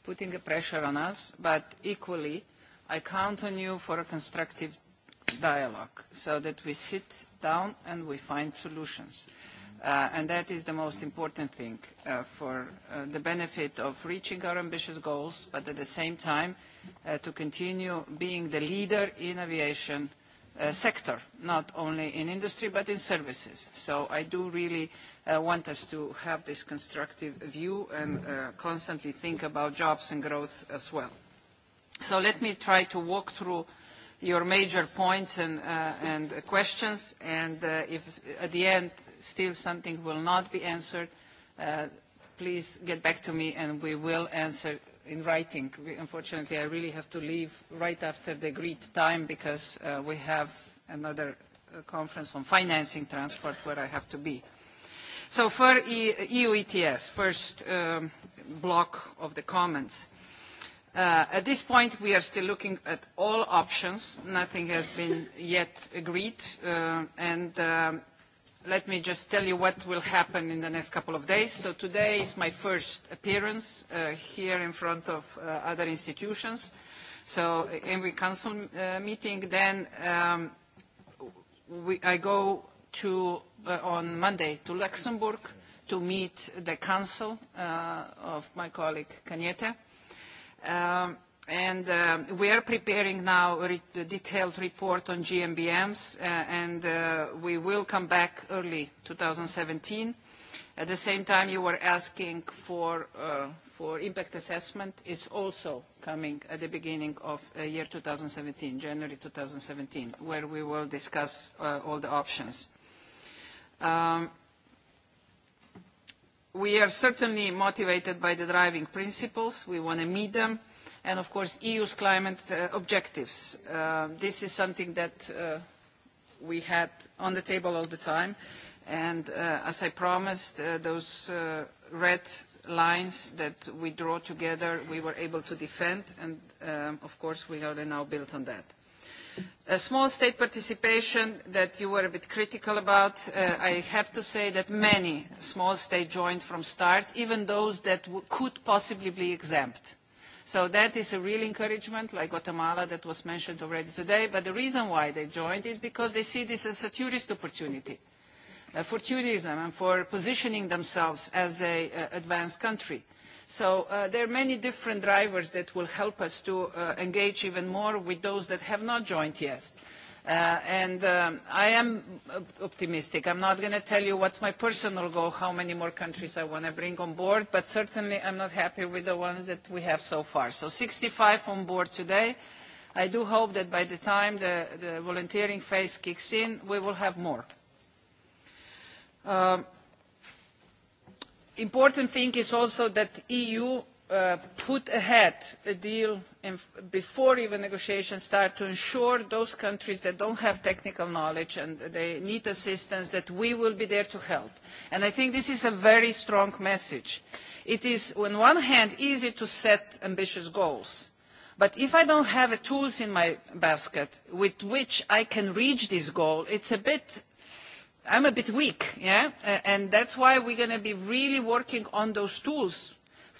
putting a pressure on us, but equally, I count on you for a constructive dialogue so that we sit down and we find solutions. Uh, and that is the most important thing uh, for uh, the benefit of reaching our ambitious goals, but at the same time, to continue being the leader in aviation sector, not only in industry, but in services. So I do really want us to have this constructive view and constantly think about jobs and growth as well. So let me try to walk through your major points and questions, and if at the end still something will not be answered, uh, please get back to me and we will answer in writing. unfortunately, I really have to leave right after the agreed time because uh, we have another uh, conference on financing transport where I have to be. So for EU e ETS, first um, block of the comments. at this point, we are still looking at all options. Nothing has been yet agreed, and um, let me just tell you what will happen in the next couple of days. So today is my first appearance uh, here in front of uh, other institutions. So uh, every council uh, meeting, then um, we, I go to, uh, on Monday to Luxembourg to meet the council uh, of my colleague Cañete. Um, and uh, we are preparing now a detailed report on GMBMs, uh, and uh, we will come back early 2017. At the same time, you were asking for, uh, for impact assessment. It's also coming at the beginning of uh, year 2017, January 2017, where we will discuss uh, all the options. Um, we are certainly motivated by the driving principles. We want to meet them and of course EU's climate uh, objectives. Uh, this is something that uh, we had on the table all the time and uh, as I promised uh, those uh, red lines that we draw together we were able to defend and um, of course we are now built on that. A small state participation that you were a bit critical about, uh, I have to say that many small states joined from start, even those that could possibly be exempt. So that is a real encouragement, like Guatemala that was mentioned already today. But the reason why they joined is because they see this as a tourist opportunity uh, for tourism and for positioning themselves as an uh, advanced country. So uh, there are many different drivers that will help us to uh, engage even more with those that have not joined yet. Uh, and uh, I am optimistic. I'm not going to tell you what's my personal goal, how many more countries I want to bring on board, but certainly I'm not happy with the ones that we have so far. So 65 on board today. I do hope that by the time the, volunteering phase kicks in, we will have more. Um, important thing is also that EU Uh, put ahead a deal before even negotiations start to ensure those countries that don't have technical knowledge and they need assistance that we will be there to help. And I think this is a very strong message. It is, on one hand, easy to set ambitious goals. But if I don't have the tools in my basket with which I can reach this goal, it's a bit I'm a bit weak, yeah? Uh, and that's why we're going to be really working on those tools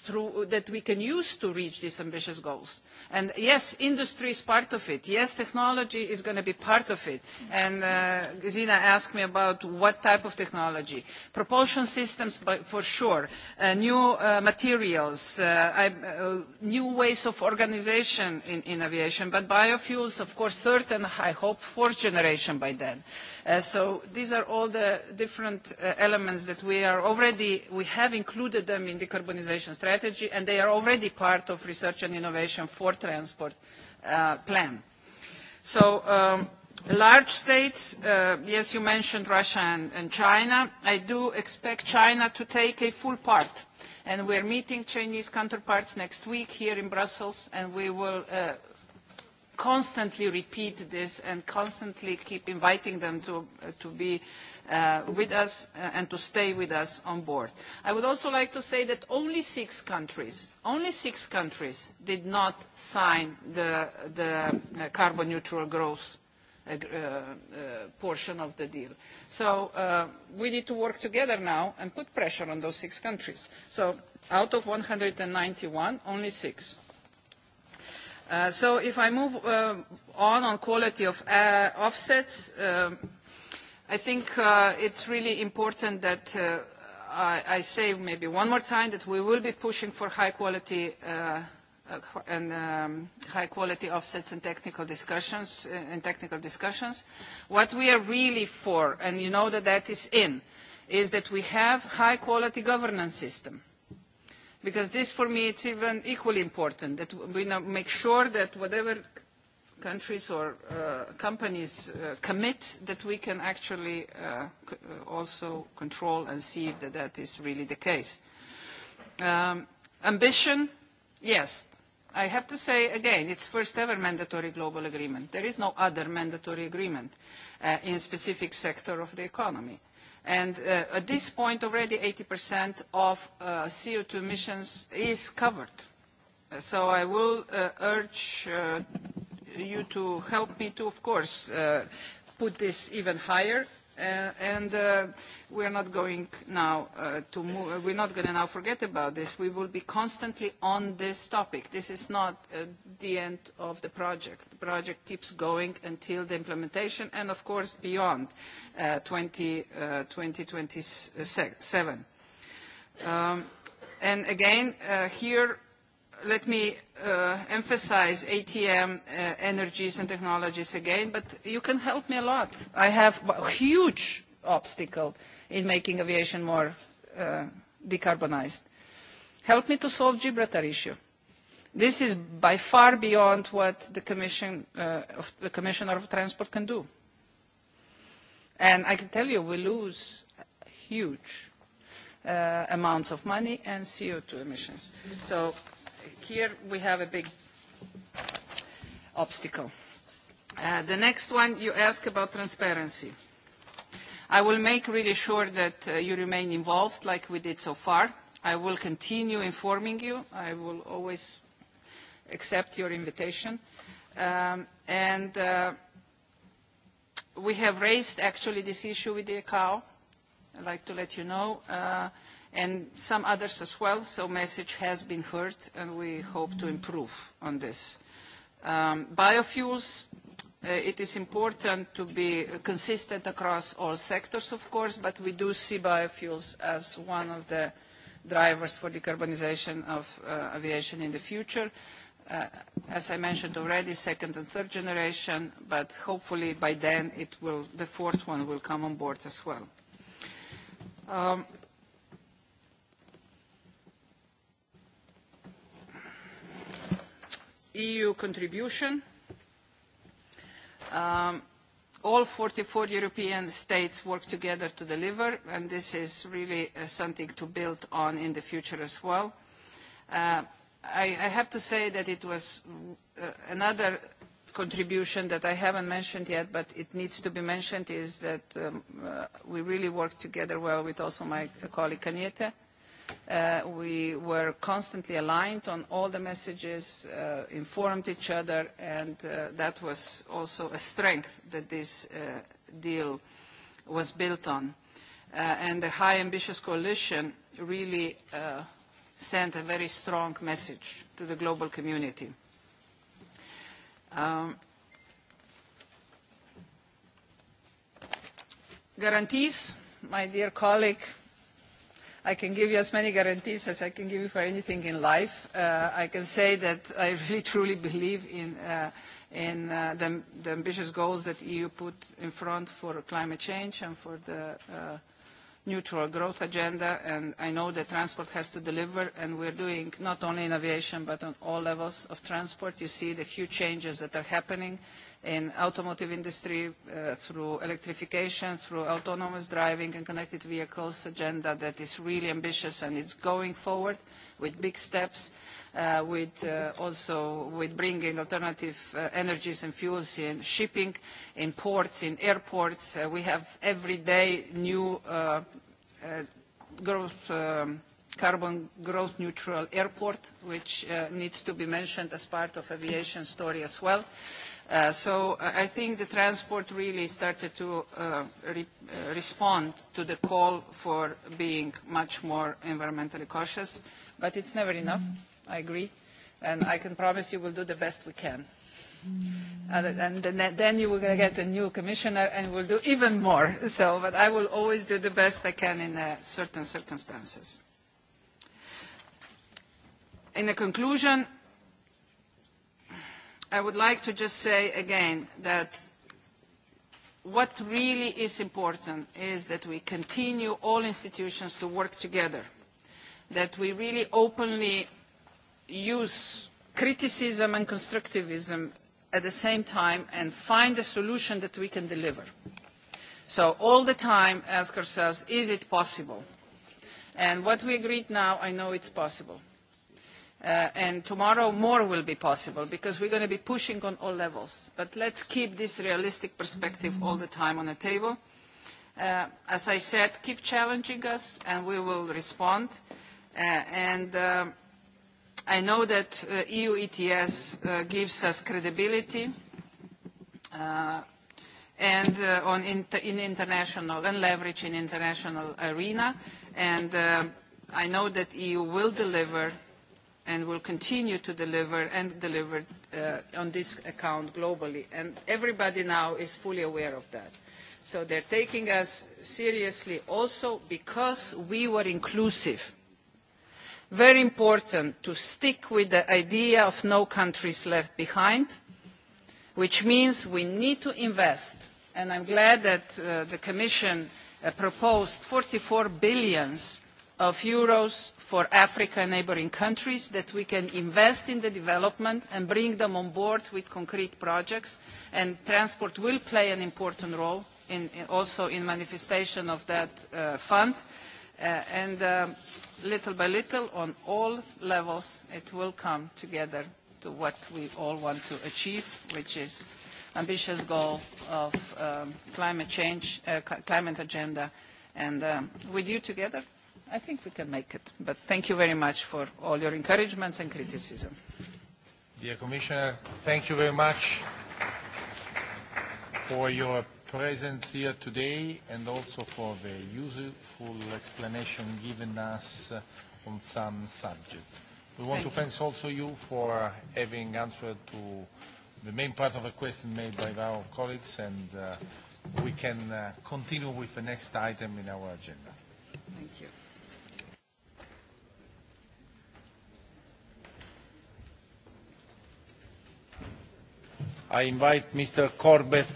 that we can use to reach these ambitious goals. And yes, industry is part of it. Yes, technology is going to be part of it. And uh, Zina asked me about what type of technology. Propulsion systems, but for sure. Uh, new uh, materials, uh, I, uh, new ways of organization in, in aviation, but biofuels, of course, third and I hope fourth generation by then. Uh, Uh, these are all the different uh, elements that we are already, we have included them in decarbonization strategy and they are already part of research and innovation for transport uh, plan. Um, large states, yes, you mentioned Russia and, China. I do expect China to take a full part and we're meeting Chinese counterparts next week here in Brussels and we will constantly repeat this and constantly keep inviting them to, uh, to be uh, with us uh, and to stay with us on board. I would also like to say that only six countries, only six countries did not sign the, the uh, carbon neutral growth Uh, uh, uh, portion of the deal. So uh, we need to work together now and put pressure on those six countries. So out of 191, only six Uh, so if I move uh, on on quality of uh, offsets, uh, I think uh, it's really important that uh, I, I say maybe one more time that we will be pushing for high quality uh, uh and um, high quality offsets and technical discussions uh, and technical discussions. What we are really for, and you know that that is in, is that we have high quality governance system because this for me it's even equally important that we now make sure that whatever countries or uh, companies uh, commit that we can actually uh, uh, also control and see if that that is really the case. Um, ambition, yes. I have to say again, it's first ever mandatory global agreement. There is no other mandatory agreement uh, in specific sector of the economy. Uh, Uh, at this point, already 80% of uh, CO2 emissions is covered. Uh, I will urge you to help me to, of course, put this even higher Uh, and uh, we are not going now uh, to move, we're not going to now forget about this. We will be constantly on this topic. This is not the end of the project. The project keeps going until the implementation and, of course, beyond 20, 2027. Um, and again, here let me uh, emphasize ATM uh, energies and technologies again, but you can help me a lot. I have a huge obstacle in making aviation more uh, decarbonized. Help me to solve Gibraltar issue. This is by far beyond what the, commission, uh, of the Commissioner of Transport can do. And I can tell you, we lose huge uh, amounts of money and CO2 emissions. So here we have a big obstacle. Uh, the next one, you ask about transparency. I will make really sure that uh, you remain involved like we did so far. I will continue informing you. I will always accept your invitation. Um, and uh, we have raised actually this issue with the ICAO. I'd like to let you know. Uh, and some others as well, so message has been heard, and we hope to improve on this. Um, biofuels, uh, it is important to be consistent across all sectors, of course, but we do see biofuels as one of the drivers for decarbonization of uh, aviation in the future. Uh, as I mentioned already, second and third generation, but hopefully by then it will, the fourth one will come on board as well. Um, EU contribution. Um, all 44 European states work together to deliver, and this is really uh, something to build on in the future as well. Uh, I, I have to say that it was uh, another contribution that I haven't mentioned yet, but it needs to be mentioned, is that um, uh, we really worked together well with also my colleague, Cañete, Uh, we were constantly aligned on all the messages, uh, informed each other, and uh, that was also a strength that this uh, deal was built on. Uh, and the high ambitious coalition really sent a very strong message to the global community. Um, guarantees, my dear colleague, I can give you as many guarantees as I can give you for anything in life. Uh, I can say that I really truly believe in, uh, in uh, the, the ambitious goals that EU put in front for climate change and for the uh, neutral growth agenda, and I know that transport has to deliver, and we're doing not only in aviation, but on all levels of transport. You see the huge changes that are happening in automotive industry uh, through electrification, through autonomous driving and connected vehicles agenda that is really ambitious and it's going forward with big steps, uh, with uh, also with bringing alternative energies and fuels in shipping, in ports, in airports. We have every day new growth um, carbon growth neutral airport, which needs to be mentioned as part of aviation story as well. Uh, so uh, I think the transport really started to uh, respond to the call for being much more environmentally cautious, but it's never enough, I agree, and I can promise you we'll do the best we can. And, then you will get a new commissioner and we'll do even more. So, but I will always do the best I can in certain circumstances. In a conclusion, I would like to just say again that what really is important is that we continue all institutions to work together, that we really openly use criticism and constructivism at the same time and find a solution that we can deliver. So all the time ask ourselves, is it possible? And what we agreed now, I know it's possible. Uh, and tomorrow more will be possible because we're going to be pushing on all levels. But let's keep this realistic perspective all the time on the table. Uh, as I said, keep challenging us and we will respond. Uh, and I know that EU ETS gives us credibility and on in, international and leverage in international arena. And I know that EU will deliver and will continue to deliver and deliver uh, on this account globally. And everybody now is fully aware of that. So they're taking us seriously also because we were inclusive. Very important to stick with the idea of no countries left behind, which means we need to invest. And I'm glad that uh, the Commission uh, proposed 44 billion of euros for Africa and neighboring countries that we can invest in the development and bring them on board with concrete projects. And transport will play an important role in, in also in manifestation of that uh, fund. Uh, and uh, little by little, on all levels, it will come together to what we all want to achieve, which is ambitious goal of um, climate change, uh, climate agenda. And um, with you together, I think we can make it. But thank you very much for all your encouragements and criticism. Dear Commissioner, thank you very much for your presence here today and also for the useful explanation given us uh, on some subjects. We want thank to thank also you for having answered to the main part of the question made by our colleagues, and uh, we can uh, continue with the next item in our agenda. Thank you. I invite Mr. Corbett.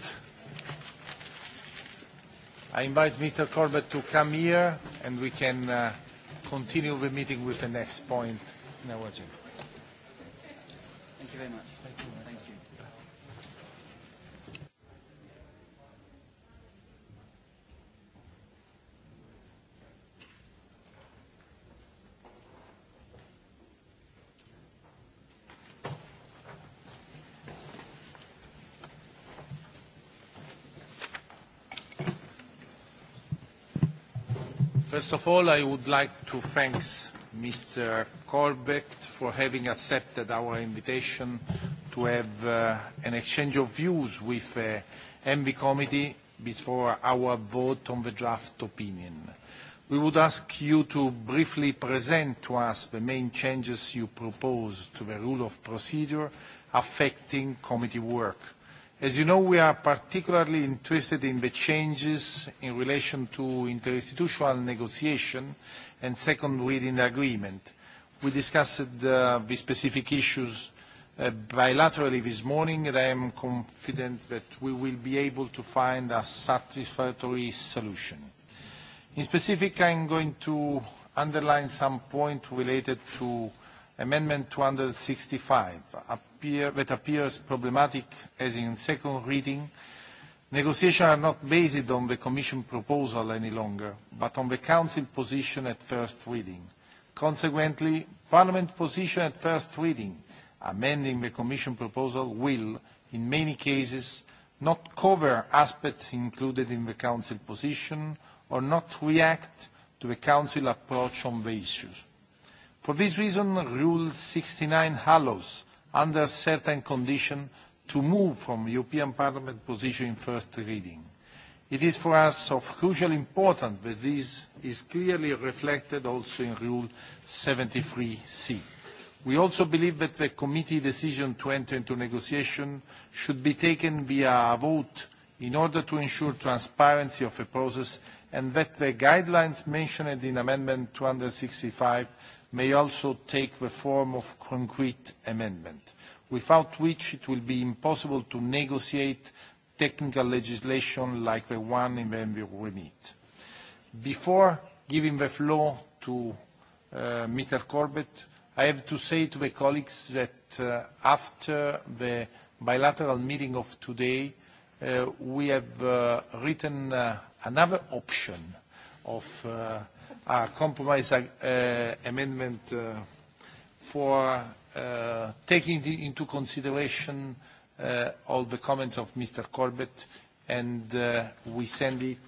I invite Mr. Corbett to come here, and we can uh, continue the meeting with the next point in our agenda. Thank you very much. Thank you. Thank you. First of all, I would like to thank Mr. Corbett for having accepted our invitation to have uh, an exchange of views with the uh, ENVI committee before our vote on the draft opinion. We would ask you to briefly present to us the main changes you propose to the rule of procedure affecting committee work As you know, we are particularly interested in the changes in relation to interinstitutional negotiation and second reading agreement. We discussed uh, the specific issues uh, bilaterally this morning, and I am confident that we will be able to find a satisfactory solution. In specific, I'm going to underline some point related to Amendment 265 that appears problematic as in second reading. Negotiations are not based on the Commission proposal any longer, but on the Council position at first reading. Consequently, Parliament's position at first reading, amending the Commission proposal, will, in many cases, not cover aspects included in the Council position or not react to the Council approach on the issues. For this reason, Rule 69 allows, under certain conditions, to move from European Parliament position in first reading. It is for us of crucial importance that this is clearly reflected also in Rule 73C. We also believe that the committee decision to enter into negotiation should be taken via a vote in order to ensure transparency of the process and that the guidelines mentioned in Amendment 265 may also take the form of concrete amendment, without which it will be impossible to negotiate technical legislation like the one in the MV remit. Before giving the floor to uh, Mr. Corbett, I have to say to the colleagues that uh, after the bilateral meeting of today, uh, we have uh, written uh, another option of uh, are compromise uh, amendment uh, for uh, taking into consideration all the comments of Mr. Corbett, and we send it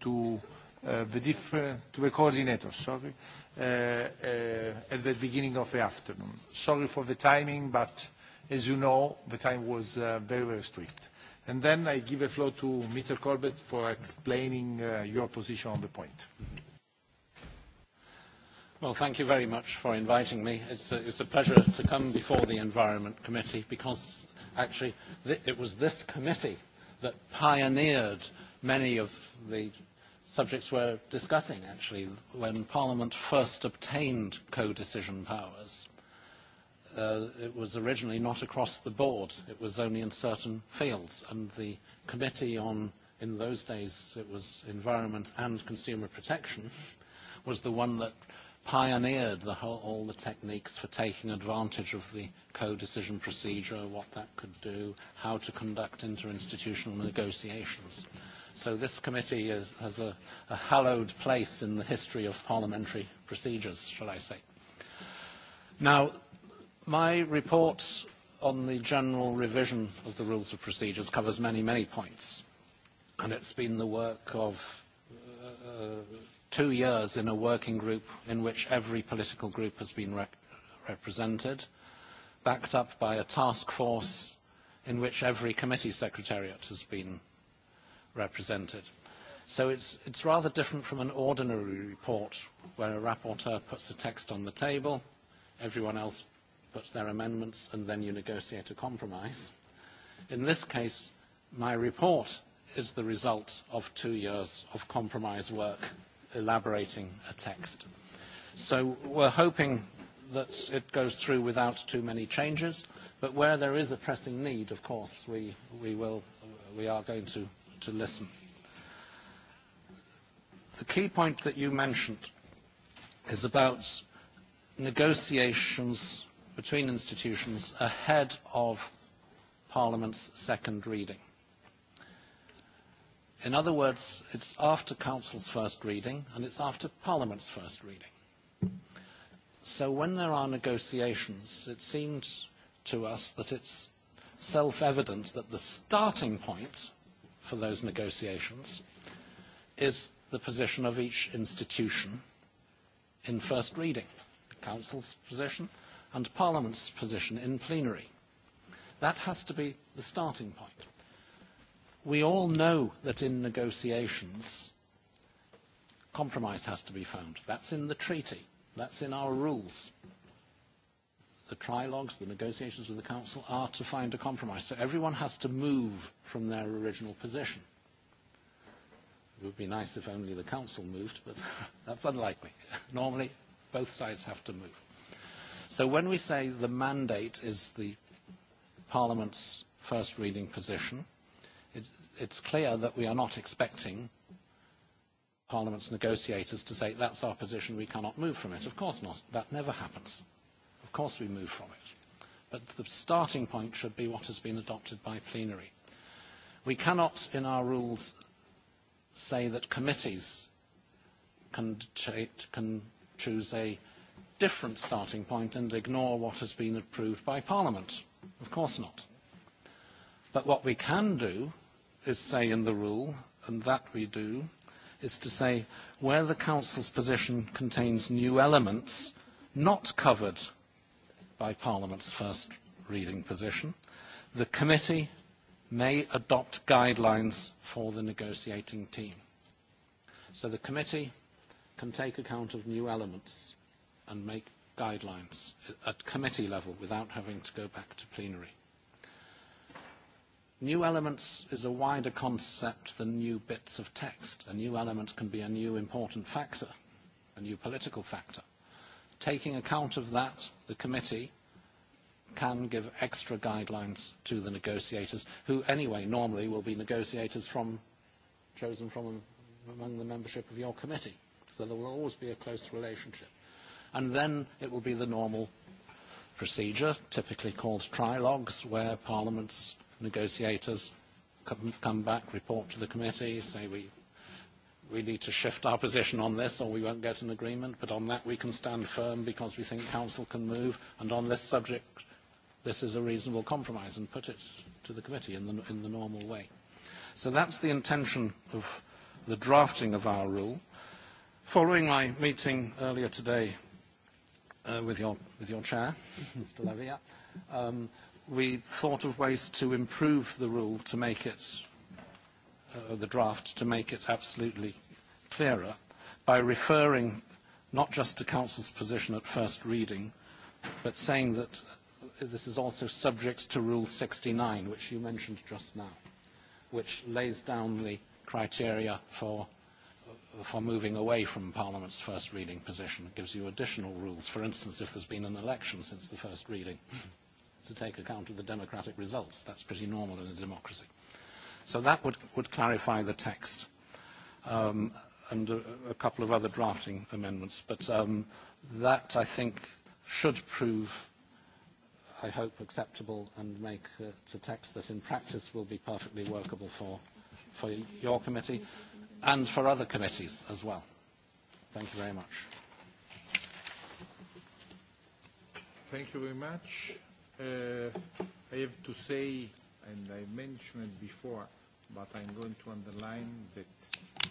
to the different to the coordinators. Sorry, at the beginning of the afternoon. Sorry for the timing, but as you know, the time was very very strict. And then I give the floor to Mr. Corbett for explaining your position on the point. Mm -hmm. Well, thank you very much for inviting me. It's a, it's a pleasure to come before the Environment Committee because actually th it was this committee that pioneered many of the subjects we're discussing, actually, when Parliament first obtained co-decision powers. Uh, it was originally not across the board. It was only in certain fields. And the committee on, in those days, it was environment and consumer protection, was the one that pioneered the whole, all the techniques for taking advantage of the co-decision procedure, what that could do, how to conduct interinstitutional negotiations. So this committee is, has a, a hallowed place in the history of parliamentary procedures, shall I say. Now, my report on the general revision of the rules of procedures covers many, many points. And it's been the work of uh, uh two years in a working group in which every political group has been re represented, backed up by a task force in which every committee secretariat has been represented. So it's, it's rather different from an ordinary report where a rapporteur puts a text on the table, everyone else puts their amendments, and then you negotiate a compromise. In this case, my report is the result of two years of compromise work elaborating a text. So we're hoping that it goes through without too many changes, but where there is a pressing need, of course, we, we, will, we are going to, to listen. The key point that you mentioned is about negotiations between institutions ahead of Parliament's second reading. In other words, it's after Council's first reading and it's after Parliament's first reading. So when there are negotiations, it seems to us that it's self-evident that the starting point for those negotiations is the position of each institution in first reading, the Council's position and Parliament's position in plenary. That has to be the starting point we all know that in negotiations, compromise has to be found. That's in the treaty. That's in our rules. The trilogues, the negotiations with the Council are to find a compromise. So everyone has to move from their original position. It would be nice if only the Council moved, but that's unlikely. Normally, both sides have to move. So when we say the mandate is the Parliament's first reading position, it's clear that we are not expecting Parliament's negotiators to say, that's our position, we cannot move from it. Of course not. That never happens. Of course we move from it. But the starting point should be what has been adopted by plenary. We cannot, in our rules, say that committees can, can choose a different starting point and ignore what has been approved by Parliament. Of course not. But what we can do is say in the rule, and that we do, is to say where the Council's position contains new elements not covered by Parliament's first reading position, the committee may adopt guidelines for the negotiating team. So the committee can take account of new elements and make guidelines at committee level without having to go back to plenary. New elements is a wider concept than new bits of text. A new element can be a new important factor, a new political factor. Taking account of that, the committee can give extra guidelines to the negotiators, who anyway normally will be negotiators from, chosen from among the membership of your committee. So there will always be a close relationship. And then it will be the normal procedure, typically called trilogues, where parliaments negotiators come, come back, report to the committee, say we, we need to shift our position on this or we won't get an agreement, but on that we can stand firm because we think council can move, and on this subject this is a reasonable compromise and put it to the committee in the, in the normal way. So that's the intention of the drafting of our rule. Following my meeting earlier today uh, with, your, with your chair, Mr. Levy, um, we thought of ways to improve the rule to make it, uh, the draft, to make it absolutely clearer by referring not just to Council's position at first reading, but saying that this is also subject to Rule 69, which you mentioned just now, which lays down the criteria for, for moving away from Parliament's first reading position. It gives you additional rules, for instance, if there's been an election since the first reading to take account of the democratic results. That's pretty normal in a democracy. So that would, would clarify the text um, and a, a couple of other drafting amendments. But um, that, I think, should prove, I hope, acceptable and make uh, a text that in practice will be perfectly workable for, for your committee and for other committees as well. Thank you very much. Thank you very much. Uh, I have to say, and I mentioned before, but I'm going to underline that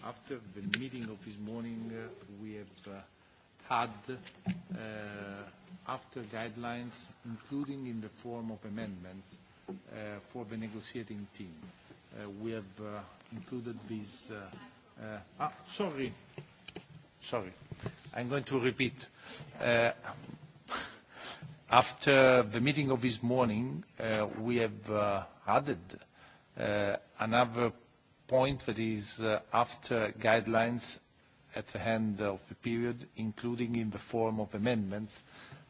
after the meeting of this morning, uh, we have uh, had uh, after guidelines, including in the form of amendments, uh, for the negotiating team. Uh, we have included these. Ah, sorry. Sorry. I'm going to repeat. After the meeting of this morning, uh, we have uh, added uh, another point that is after guidelines at the end of the period, including in the form of amendments,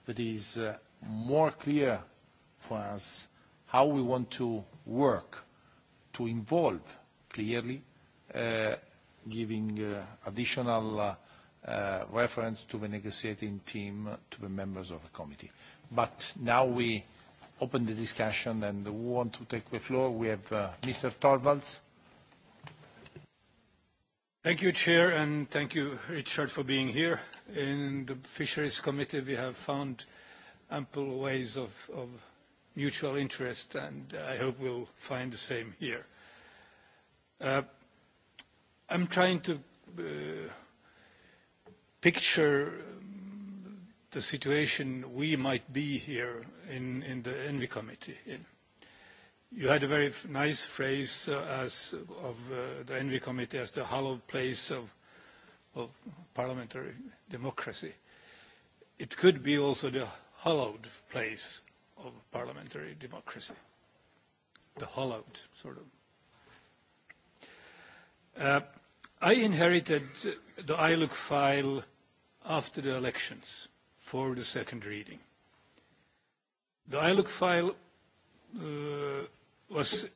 that is more clear for us how we want to work to involve clearly, giving additional reference to the negotiating team, to the members of the committee but now we open the discussion and who want to take the floor? We have uh, Mr. Torvalds. Thank you, Chair, and thank you, Richard, for being here. In the Fisheries Committee, we have found ample ways of, mutual interest, and I hope we'll find the same here. Uh, I'm trying to uh, picture the situation we might be here in, in the ENVI committee in. You had a very nice phrase uh, as of uh, the ENVI committee as the hallowed place of, of parliamentary democracy. It could be also the hallowed place of parliamentary democracy. The hallowed, sort of. Uh, I inherited the ILUC file after the elections for the second reading. The ILUC file uh, was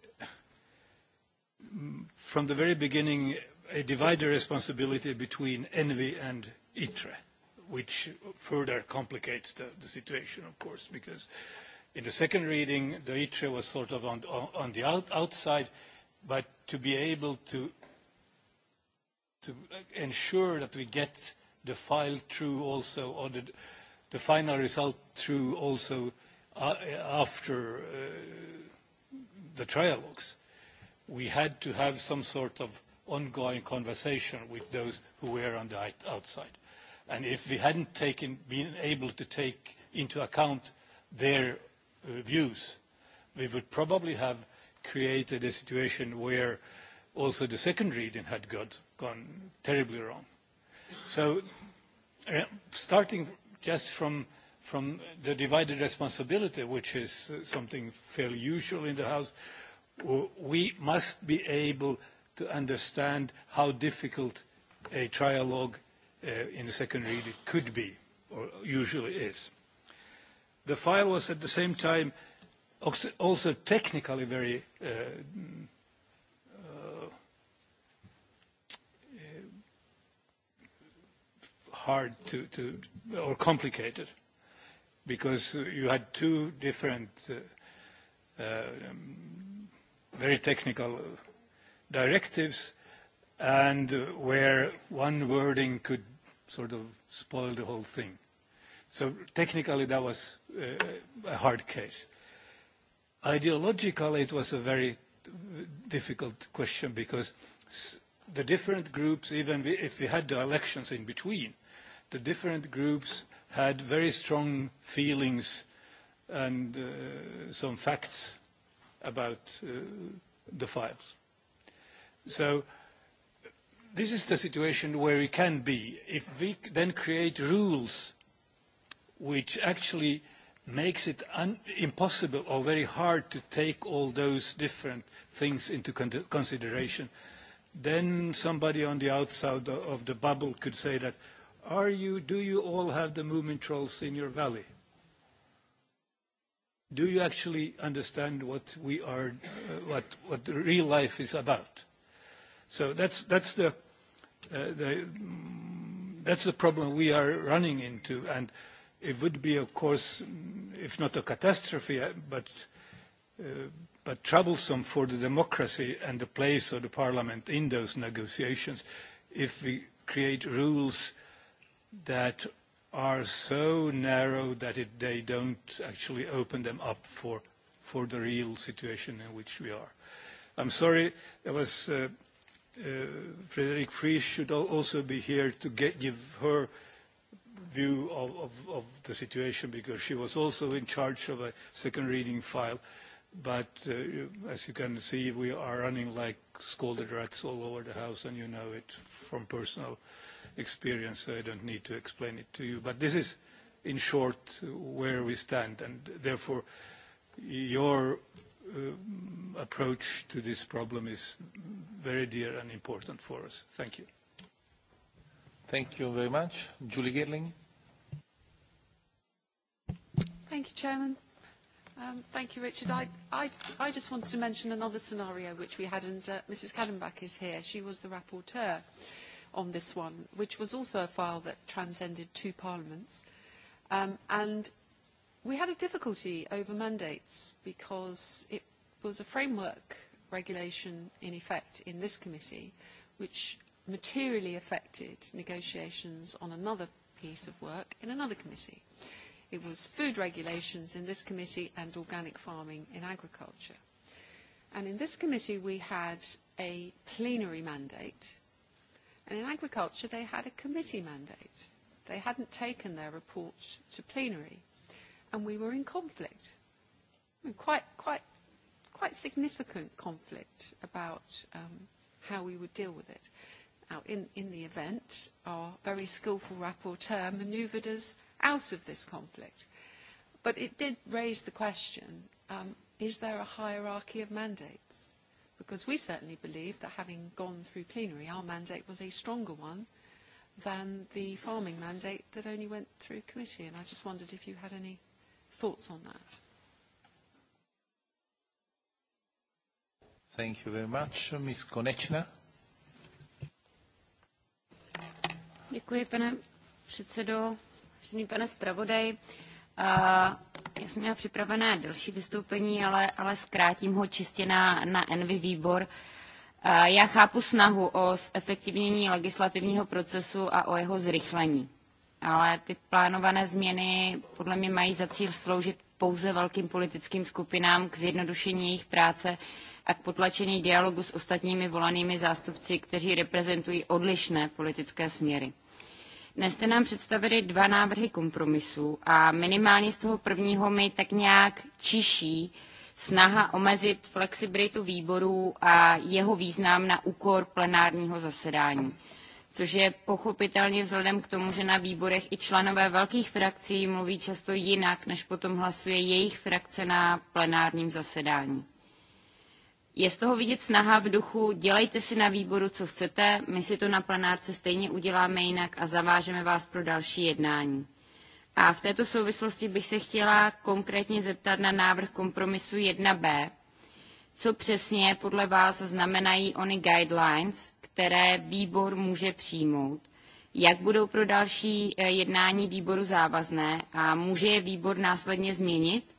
mm, from the very beginning a divided responsibility between ENVI and ITRE, which further complicates the, the situation, of course, because in the second reading, the ITRE was sort of on, on the out, outside, but to be able to, to ensure that we get the file through also on the, the final result through also uh, uh, after uh, the trialogues. We had to have some sort of ongoing conversation with those who were on the outside. And if we hadn't taken, been able to take into account their views, we would probably have created a situation where also the second reading had got, gone terribly wrong. So starting just from from the divided responsibility, which is something fairly usual in the House, we must be able to understand how difficult a trialogue uh, in the second reading could be, or usually is. The file was at the same time also technically very uh, hard to, to or complicated because uh, you had two different uh, uh, um, very technical directives and uh, where one wording could sort of spoil the whole thing. So technically that was uh, a hard case. Ideologically it was a very difficult question because the different groups, even if we had the elections in between, uh, the different groups had very strong feelings and uh, some facts about uh, the files. So this is the situation where we can be. If we then create rules which actually makes it un impossible or very hard to take all those different things into con consideration, then somebody on the outside of the bubble could say that, Are you, do you all have the movement trolls in your valley? Do you actually understand what we are, uh, what, what the real life is about? So that's, that's, the, uh, the, mm, that's the problem we are running into. And it would be, of course, mm, if not a catastrophe, uh, but, uh, but troublesome for the democracy and the place of the parliament in those negotiations if we create rules uh, that are so narrow that it, they don't actually open them up for, for the real situation in which we are. I'm sorry, there was uh, uh, Frederick Fries should also be here to get, give her view of, of, of the situation because she was also in charge of a second reading file. Uh, But uh, as you can see, we are running like scalded rats all over the house, and you know it from personal experience, so I don't need to explain it to you. But this is, in short, where we stand, and therefore, your um, approach to this problem is very dear and important for us. Thank you. Thank you very much. Julie Girling. Thank you, Chairman. Um, thank you, Richard. I, I, I just wanted to mention another scenario which we had, and uh, Mrs. Kadenbach is here. She was the rapporteur on this one, which was also a file that transcended two parliaments. Um, and we had a difficulty over mandates because it was a framework regulation in effect in this committee, which materially affected negotiations on another piece of work in another committee. It was food regulations in this committee and organic farming in agriculture. And in this committee, we had a plenary mandate. And in agriculture, they had a committee mandate. They hadn't taken their report to plenary. And we were in conflict. And hmm, quite, quite, quite significant conflict about um, how we would deal with it. Now, in, in the event, our very skillful rapporteur manoeuvred us out of this conflict. But it did raise the question, um, is there a hierarchy of mandates? Because we certainly believe that having gone through plenary, our mandate was a stronger one than the farming mandate that only went through committee. And I just wondered if you had any thoughts on that. Thank you very much. Uh, Ms. Konechna. Děkuji, pane předsedo. Vážený pane zpravodaj, já jsem měla připravené delší vystoupení, ale, ale zkrátím ho čistě na, na Envy výbor. Já chápu snahu o zefektivnění legislativního procesu a o jeho zrychlení, ale ty plánované změny podle mě mají za cíl sloužit pouze velkým politickým skupinám k zjednodušení jejich práce a k potlačení dialogu s ostatními volanými zástupci, kteří reprezentují odlišné politické směry. Dnes jste nám představili dva návrhy kompromisů a minimálně z toho prvního mi tak nějak čiší snaha omezit flexibilitu výboru a jeho význam na úkor plenárního zasedání což je pochopitelně vzhledem k tomu, že na výborech i členové velkých frakcí mluví často jinak, než potom hlasuje jejich frakce na plenárním zasedání. Je z toho vidět snaha v duchu, dělejte si na výboru, co chcete, my si to na plenárce stejně uděláme jinak a zavážeme vás pro další jednání. A v této souvislosti bych se chtěla konkrétně zeptat na návrh kompromisu 1b. Co přesně podle vás znamenají ony guidelines, které výbor může přijmout? Jak budou pro další eh, jednání výboru závazné a může je výbor následně změnit?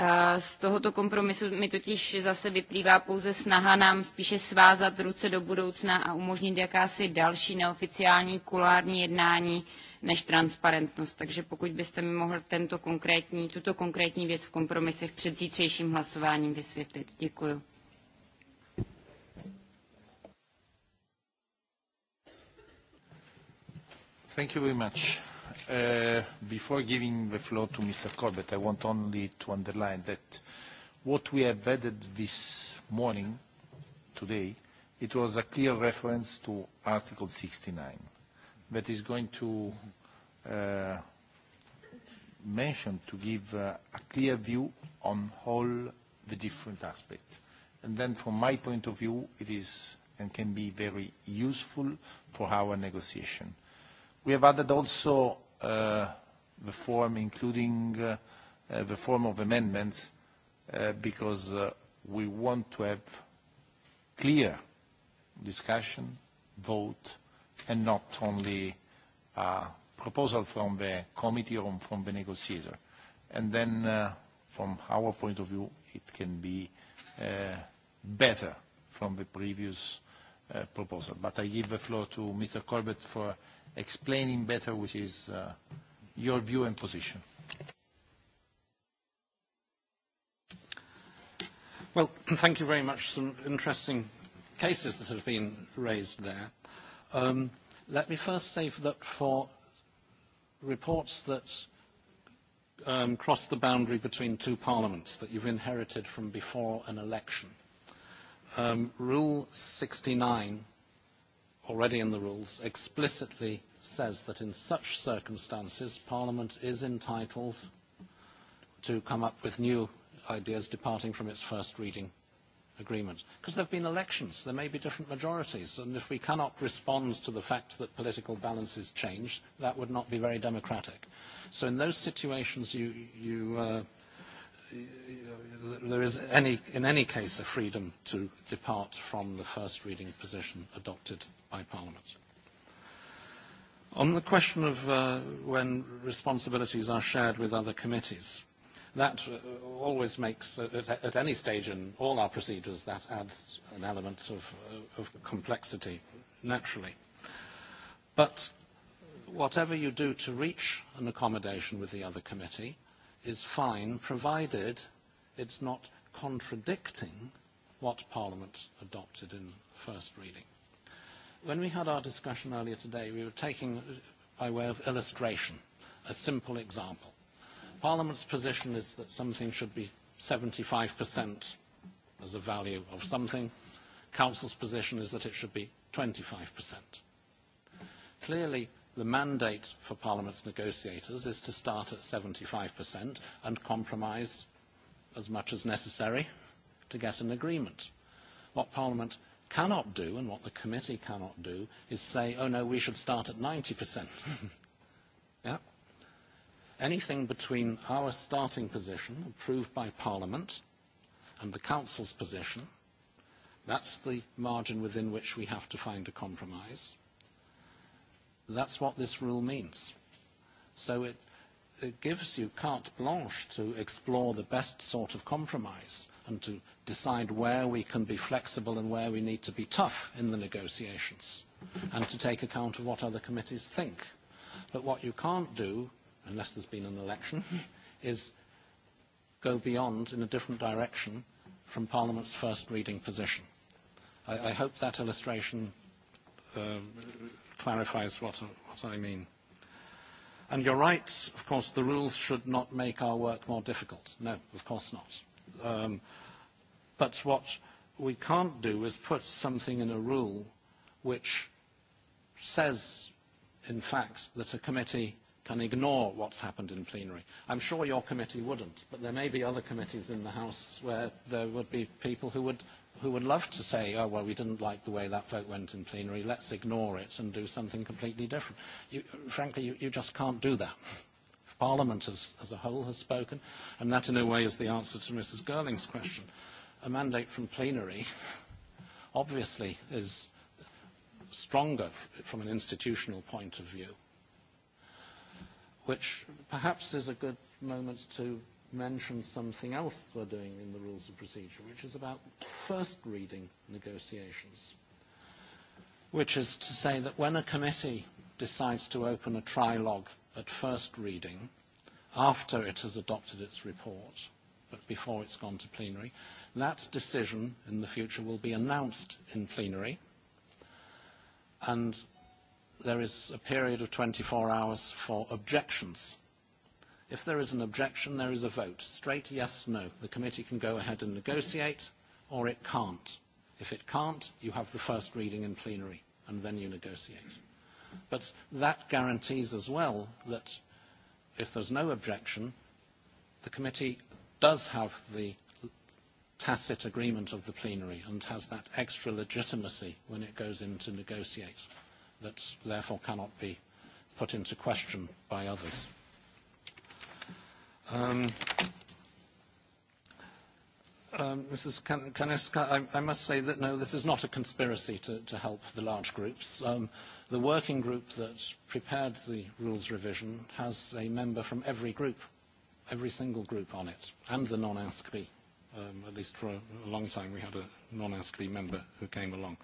Eh, z tohoto kompromisu mi totiž zase vyplývá pouze snaha nám spíše svázat ruce do budoucna a umožnit jakási další neoficiální kulární jednání než transparentnost. Takže pokud byste mi mohl tento konkrétní, tuto konkrétní věc v kompromisech před zítřejším hlasováním vysvětlit. Děkuji. Thank you very much. Uh, before giving the floor to Mr. Corbett, I want only to underline that what we have added this morning, today, it was a clear reference to Article 69 that is going to uh, mention, to give uh, a clear view on all the different aspects. And then from my point of view, it is and can be very useful for our negotiation. We have added also Uh, the form, including uh, uh, the form of amendments, because we want to have clear discussion, vote, and not only a proposal from the committee or from the negotiator. then, from our point of view, it can be better from the previous proposal. I give the floor to Mr. Corbett for explaining better which is uh, your view and position. Well, thank you very much. Some interesting cases that have been raised there. Um, let me first say that for reports that um, cross the boundary between two parliaments that you've inherited from before an election, um, Rule 69, already in the rules, explicitly says that in such circumstances, Parliament is entitled to come up with new ideas departing from its first reading agreement. Because there have been elections, there may be different majorities, and if we cannot respond to the fact that political balances change, that would not be very democratic. So in those situations, you, you, uh, there is any, in any case a freedom to depart from the first reading position adopted by Parliament. On the question of uh, when responsibilities are shared with other committees, that uh, always makes, uh, at, at any stage in all our procedures, that adds an element of, uh, of complexity, naturally. But whatever you do to reach an accommodation with the other committee is fine, provided it's not contradicting what Parliament adopted in first reading. When we had our discussion earlier today, we were taking, uh, by way of illustration, a simple example. Parliament's position is that something should be 75% as a value of something. Council's position is that it should be 25%. Clearly, the mandate for Parliament's negotiators is to start at 75% and compromise as much as necessary to get an agreement. What Parliament cannot do and what the committee cannot do is say, oh no, we should start at 90%. yeah? Anything between our starting position, approved by Parliament, and the Council's position, that's the margin within which we have to find a compromise. That's what this rule means. So it, it gives you carte blanche to explore the best sort of compromise and to decide where we can be flexible and where we need to be tough in the negotiations and to take account of what other committees think. But what you can't do, unless there's been an election, is go beyond in a different direction from Parliament's first reading position. I, I hope that illustration um, clarifies what, uh, what I mean. And you're right, of course, the rules should not make our work more difficult. No, of course not. Um, but what we can't do is put something in a rule which says, in fact, that a committee can ignore what's happened in plenary. I'm sure your committee wouldn't, but there may be other committees in the House where there would be people who would, who would love to say, oh, well, we didn't like the way that vote went in plenary, let's ignore it and do something completely different. You, frankly, you, you just can't do that. Parliament as, as a whole has spoken, and that in a way is the answer to Mrs. Girling's question. A mandate from plenary obviously is stronger from an institutional point of view, which perhaps is a good moment to mention something else we're doing in the rules of procedure, which is about first reading negotiations, which is to say that when a committee decides to open a trilogue at first reading after it has adopted its report, but before it's gone to plenary. That decision in the future will be announced in plenary, and there is a period of 24 hours for objections. If there is an objection, there is a vote. Straight yes, no. The committee can go ahead and negotiate, or it can't. If it can't, you have the first reading in plenary, and then you negotiate. But that guarantees as well that if there's no objection, the committee does have the tacit agreement of the plenary and has that extra legitimacy when it goes in to negotiate that therefore cannot be put into question by others. Um, um, Mrs. Can- Canesca, I, I must say that no, this is not a conspiracy to, to help the large groups. Um, The working group that prepared the rules revision has a member from every group, every single group on it, and the non-ASCBI. Um, at least for a long time we had a non-ASCBI member who came along.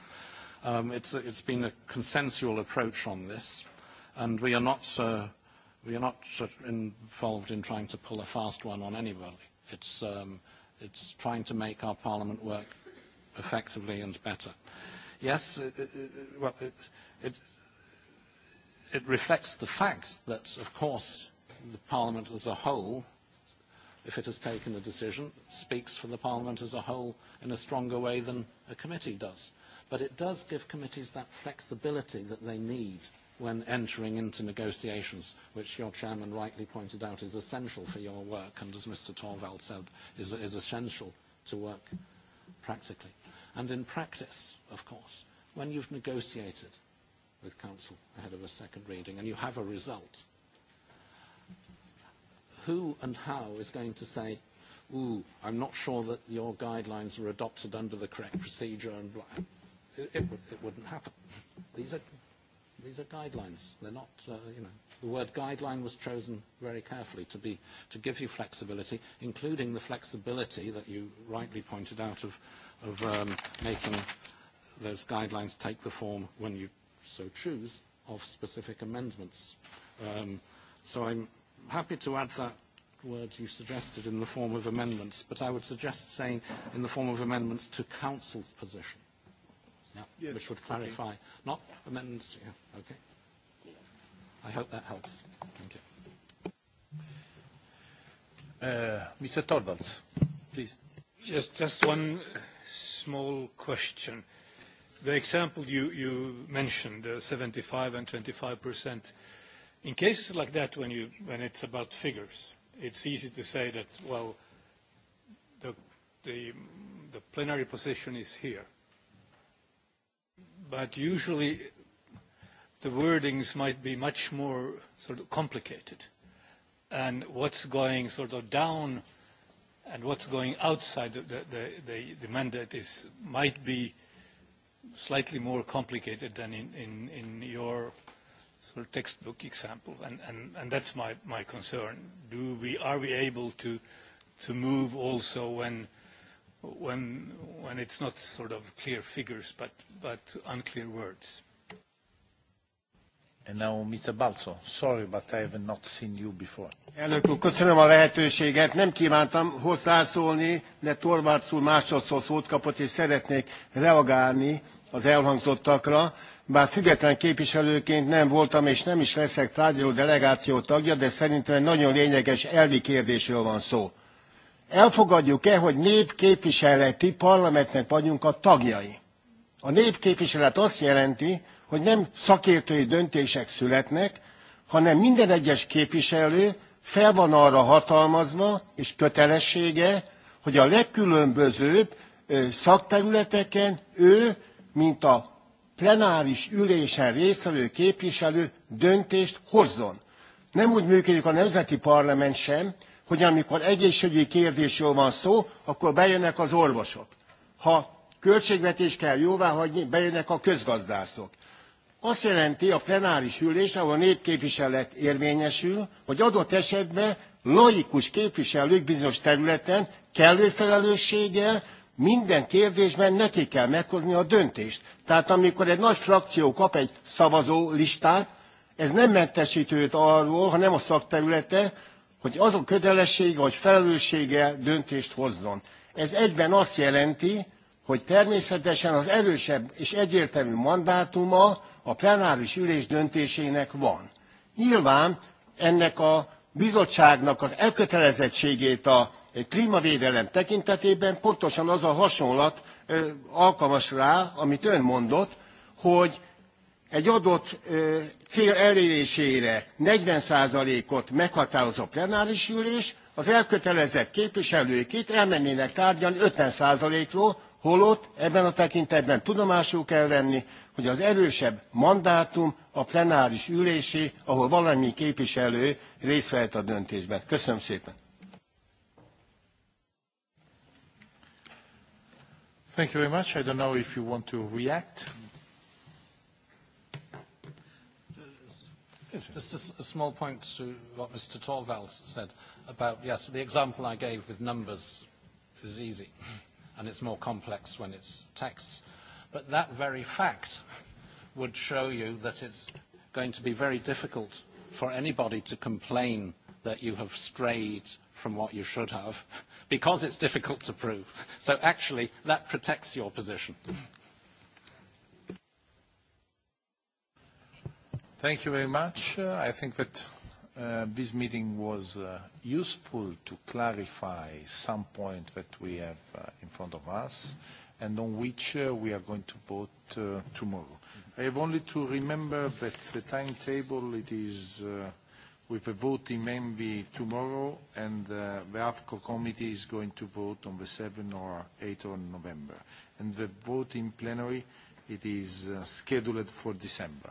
Um, it's, it's been a consensual approach on this, and we are not, uh, we are not involved in trying to pull a fast one on anybody. It's, um, it's trying to make our parliament work effectively and better. Yes, it, it, well, it, It, it reflects the fact that, of course, the Parliament as a whole, if it has taken a decision, speaks for the Parliament as a whole in a stronger way than a committee does. But it does give committees that flexibility that they need when entering into negotiations, which your chairman rightly pointed out is essential for your work, and as Mr. Torvald said, is, is essential to work practically. And in practice, of course, when you've negotiated with Council ahead of a second reading, and you have a result. Who and how is going to say, ooh, I'm not sure that your guidelines are adopted under the correct procedure and blah. It, it, would, it wouldn't happen. These are, these are guidelines. They're not, uh, you know, the word guideline was chosen very carefully to, be, to give you flexibility, including the flexibility that you rightly pointed out of, of um, making those guidelines take the form when you so choose, of specific amendments. Um, so I'm happy to add that word you suggested in the form of amendments, but I would suggest saying in the form of amendments to Council's position, yeah, yes, which would clarify, okay. not amendments to, yeah, okay. I hope that helps. Thank you. Uh, Mr. Torvalds, please. Yes, just one small question. The example you, you mentioned, uh, 75 and 25%, in cases like that, when, you, when it's about figures, it's easy to say that, well, the, the, the plenary position is here. But usually, the wordings might be much more sort of complicated. And what's going sort of down and what's going outside the, the, the, the mandate is, might be slightly more complicated than in, in, in your sort of textbook example, and, and, and that's my, my concern. Do we, are we able to, to move also when, when, when it's not sort of clear figures, but, but unclear words? And now Mr. Balco, sorry, but I have not seen you before. Elnök úr, köszönöm a lehetőséget. Nem kívántam hozzászólni, de Torvalds úr másodszor szót kapott, és szeretnék reagálni az elhangzottakra. Bár független képviselőként nem voltam és nem is leszek tárgyaló delegáció tagja, de szerintem egy nagyon lényeges elvi kérdésről van szó. Elfogadjuk-e, hogy népképviseleti parlamentnek vagyunk a tagjai? A népképviselet azt jelenti, hogy nem szakértői döntések születnek, hanem minden egyes képviselő fel van arra hatalmazva, és kötelessége, hogy a legkülönbözőbb szakterületeken ő, mint a plenáris ülésen részvevő képviselő döntést hozzon. Nem úgy működik a nemzeti parlament sem, hogy amikor egészségügyi kérdésről van szó, akkor bejönnek az orvosok. Ha költségvetést kell jóváhagyni, bejönnek a közgazdászok. Azt jelenti a plenáris ülés, ahol a népképviselet érvényesül, hogy adott esetben laikus képviselők bizonyos területen kellő felelősséggel minden kérdésben neki kell meghozni a döntést. Tehát amikor egy nagy frakció kap egy szavazó listát, ez nem mentesítőt őt arról, hanem a szakterülete, hogy az a kötelessége, hogy felelőssége döntést hozzon. Ez egyben azt jelenti, hogy természetesen az erősebb és egyértelmű mandátuma a plenáris ülés döntésének van. Nyilván ennek a bizottságnak az elkötelezettségét a klímavédelem tekintetében pontosan az a hasonlat alkalmas rá, amit ön mondott, hogy egy adott cél elérésére 40%-ot meghatározó plenáris ülés, az elkötelezett képviselőkét elmennének tárgyalni 50%-ról, holott ebben a tekintetben tudomásul kell venni, hogy az erősebb mandátum a plenáris ülésé, ahol valami képviselő részt vehet a döntésben. Köszönöm szépen! Thank you very much. I don't know if you want to react. Just a, a small point to what Mr. Torvalds said about, yes, the example I gave with numbers is easy, and it's more complex when it's texts. But that very fact would show you that it's going to be very difficult for anybody to complain that you have strayed from what you should have because it's difficult to prove. So actually, that protects your position. Thank you very much. Uh, I think that uh, this meeting was uh, useful to clarify some point that we have uh, in front of us. Mm-hmm and on which uh, we are going to vote uh, tomorrow. Mm-hmm. I have only to remember that the timetable, it is uh, with a vote in MV tomorrow, and the AFCO committee is going to vote on the 7th or 8th of November. the vote in plenary, it is scheduled for December.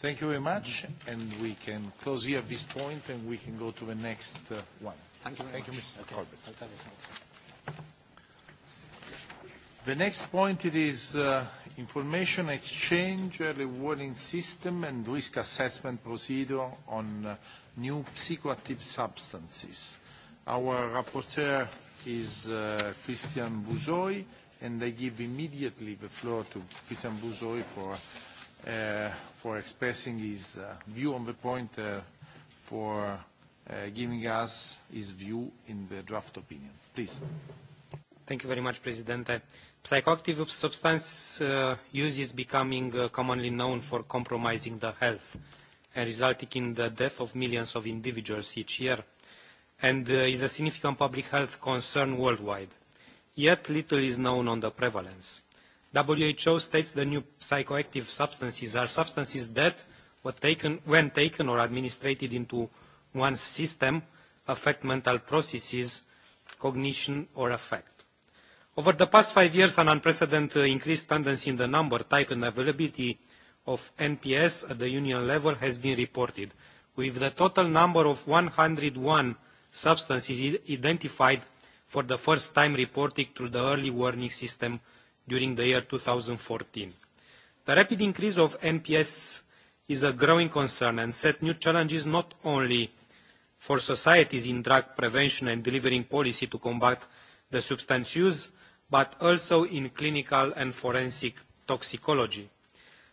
Thank you very much, mm-hmm. and we can close here at this point, and we can go to the next one. Thank you very much. Thank you, Mr. Thank you. The next point it is uh, information exchange, early warning system, and risk assessment procedure on uh, new psychoactive substances. Our rapporteur is uh, Christian Bouzoy, and I give immediately the floor to Christian Bouzoy for, for expressing his view on the point, for giving us his view in the draft opinion. Please. Thank you very much, Presidente. Psychoactive substance uh, use is becoming uh, commonly known for compromising the health and resulting in the death of millions of individuals each year and uh, is a significant public health concern worldwide. Yet little is known on the prevalence. WHO states the new psychoactive substances are substances that, when taken or administrated into one's system, affect mental processes, cognition or affect Over the past five years, an unprecedented increased tendency in the number, type, and availability of NPS at the union level has been reported, with the total number of 101 substances identified for the first time reported through the early warning system during the year 2014. The rapid increase of NPS is a growing concern and set new challenges not only for societies in drug prevention and delivering policy to combat the substance use, but also in clinical and forensic toxicology.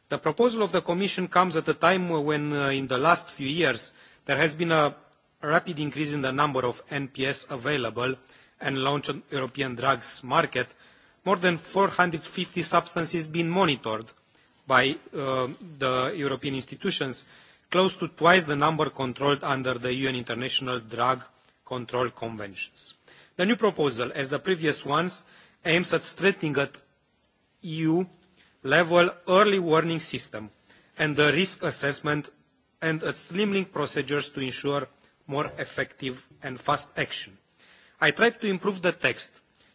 The proposal of the Commission comes at a time when, uh, in the last few years, there has been a rapid increase in the number of NPS available and launched on the European drugs market, more than 450 substances being monitored by uh, the European institutions, close to twice the number controlled under the UN International Drug Control Conventions. The new proposal, as the previous ones, aims at strengthening at EU level early warning system and the risk assessment and at streamlining procedures to ensure more effective and fast action. I tried to improve the text,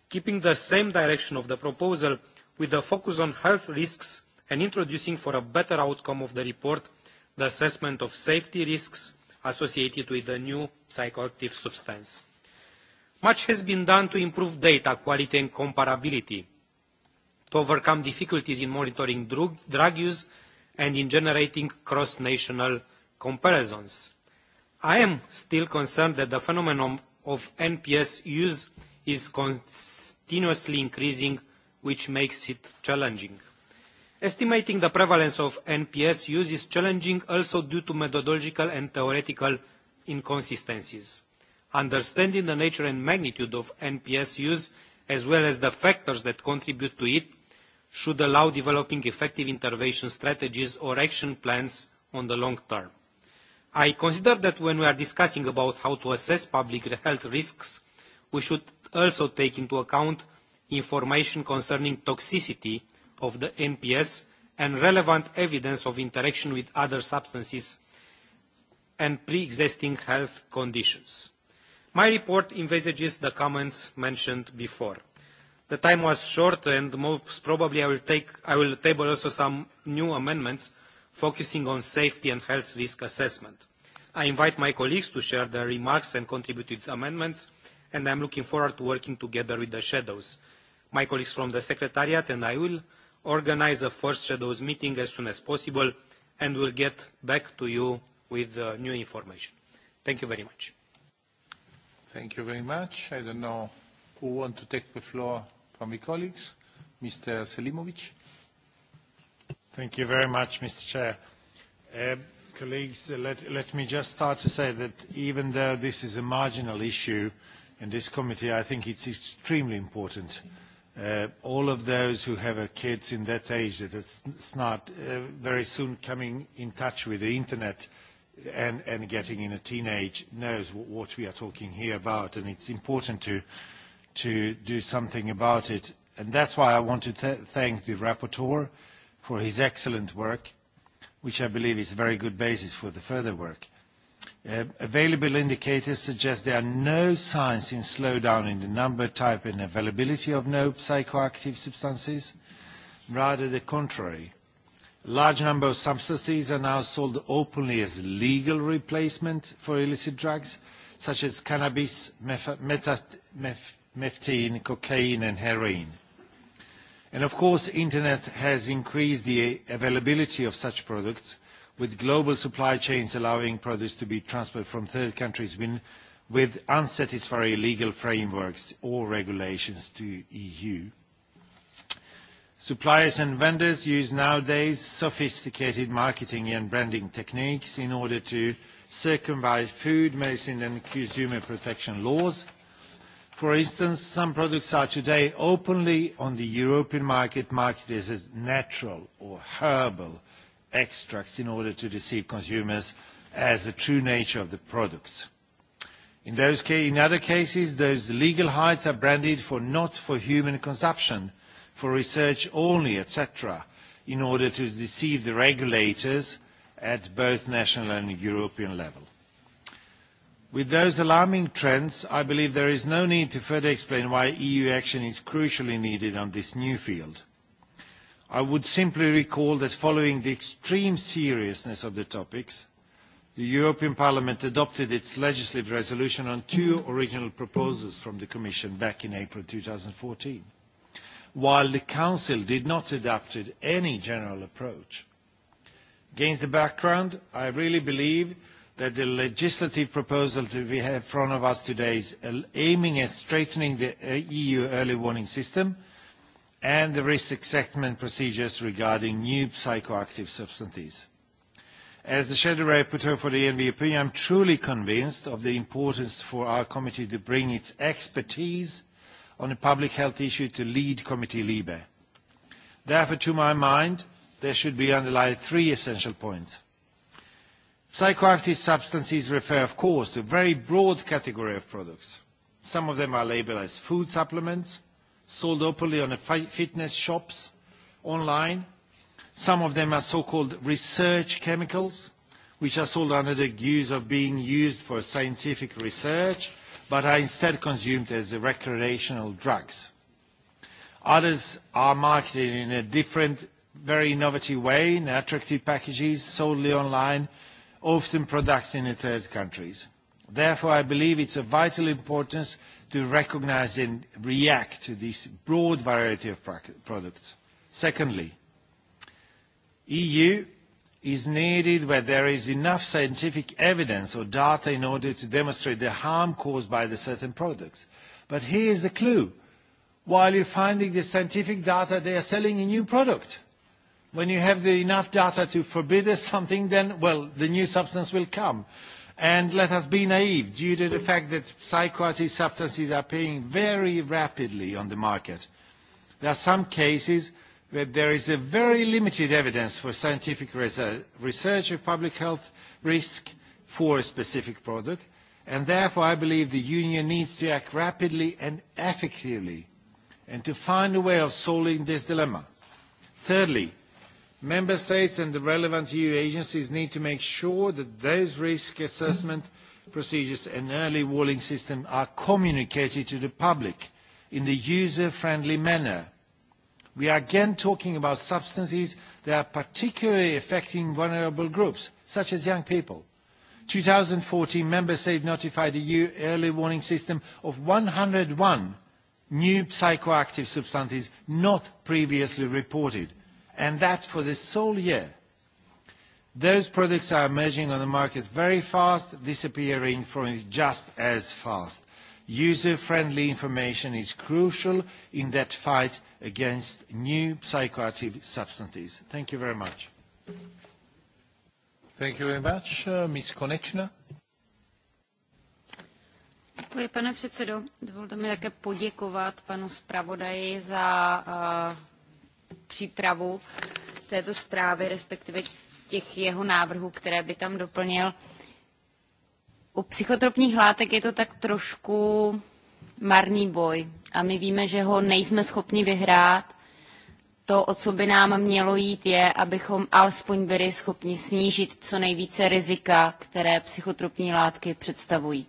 keeping the same direction of the proposal with a focus on health risks and introducing for a better outcome of the report the assessment of safety risks associated with the new psychoactive substance. Much has been done to improve data quality and comparability, to overcome difficulties in monitoring drug, drug use and in generating cross-national comparisons. I am still concerned that the phenomenon of NPS use is continuously increasing, which makes it challenging. Estimating the prevalence of NPS use is challenging also due to methodological and theoretical inconsistencies understanding the nature and magnitude of NPS use, as well as the factors that contribute to it, should allow developing effective intervention strategies or action plans on the long term. I consider that when we are discussing about how to assess public health risks, we should also take into account information concerning toxicity of the NPS and relevant evidence of interaction with other substances and pre-existing health conditions. My report envisages the comments mentioned before. The time was short, and most probably I will, take, I will table also some new amendments focusing on safety and health risk assessment. I invite my colleagues to share their remarks and contributed amendments, and I'm looking forward to working together with the shadows. My colleagues from the Secretariat and I will organize a first shadows meeting as soon as possible, and will get back to you with uh, new information. Thank you very much. Thank you very much. I don't know who want to take the floor from my colleagues. Mr. Selimovic. Thank you very much, Mr. Chair. Uh, colleagues, uh, let, let me just start to say that even though this is a marginal issue in this committee, I think it's extremely important. Uh, all of those who have uh, kids in that age that it's not uh, very soon coming in touch with the internet and, and getting in a teenage knows what, what we are talking here about, and it's important to, to do something about it. And that's why I want to th thank the rapporteur for his excellent work, which I believe is a very good basis for the further work. Uh, available indicators suggest there are no signs in slowdown in the number, type, and availability of no psychoactive substances. Rather the contrary. Large number of substances are now sold openly as legal replacement for illicit drugs, such as cannabis, methamphetamine, cocaine, and heroin. And of course, internet has increased the availability of such products, with global supply chains allowing products to be transferred from third countries with unsatisfactory legal frameworks or regulations to EU. Suppliers and vendors use nowadays sophisticated marketing and branding techniques in order to circumvent food, medicine, and consumer protection laws. For instance, some products are today openly on the European market marketed as natural or herbal extracts in order to deceive consumers as the true nature of the products. In, those ca in other cases, those legal heights are branded for not for human consumption – for research only, etc., in order to deceive the regulators at both national and European level. With those alarming trends, I believe there is no need to further explain why EU action is crucially needed on this new field. I would simply recall that following the extreme seriousness of the topics, the European Parliament adopted its legislative resolution on two original proposals from the Commission back in April 2014 while the Council did not adopt any general approach. Against the background, I really believe that the legislative proposal that we have in front of us today is aiming at strengthening the uh, EU early warning system and the risk assessment procedures regarding new psychoactive substances. As the shadow rapporteur for the ENV opinion, I'm truly convinced of the importance for our committee to bring its expertise on a public health issue to lead Committee Libe. Therefore, to my mind, there should be underlined three essential points. Psychoactive substances refer, of course, to a very broad category of products. Some of them are labeled as food supplements, sold openly on fitness shops, online. Some of them are so-called research chemicals, which are sold under the guise of being used for scientific research but are instead consumed as recreational drugs. Others are marketed in a different, very innovative way in attractive packages, solely online, often products in the third countries. Therefore, I believe it's of vital importance to recognize and react to this broad variety of products. Secondly, EU is needed where there is enough scientific evidence or data in order to demonstrate the harm caused by the certain products. But here is the clue. While you're finding the scientific data, they are selling a new product. When you have the enough data to forbid something, then, well, the new substance will come. And let us be naive due to the fact that psychoactive substances are appearing very rapidly on the market. There are some cases that there is a very limited evidence for scientific research of public health risk for a specific product, and therefore I believe the Union needs to act rapidly and effectively and to find a way of solving this dilemma. Thirdly, Member States and the relevant EU agencies need to make sure that those risk assessment procedures and early warning systems are communicated to the public in a user-friendly manner We are again talking about substances that are particularly affecting vulnerable groups, such as young people. 2014, member states notified the EU early warning system of 101 new psychoactive substances not previously reported, and that for the sole year. Those products are emerging on the market very fast, disappearing from it just as fast. User-friendly information is crucial in that fight against new psychoactive substances. Thank you very much. Thank you very much. Uh, Ms. Konečna. Děkuji, pane předsedo. Dovolte mi také poděkovat panu zpravodaji za uh, přípravu této zprávy, respektive těch jeho návrhů, které by tam doplnil. U psychotropních látek je to tak trošku marný boj a my víme, že ho nejsme schopni vyhrát, to, o co by nám mělo jít, je, abychom alespoň byli schopni snížit co nejvíce rizika, které psychotropní látky představují.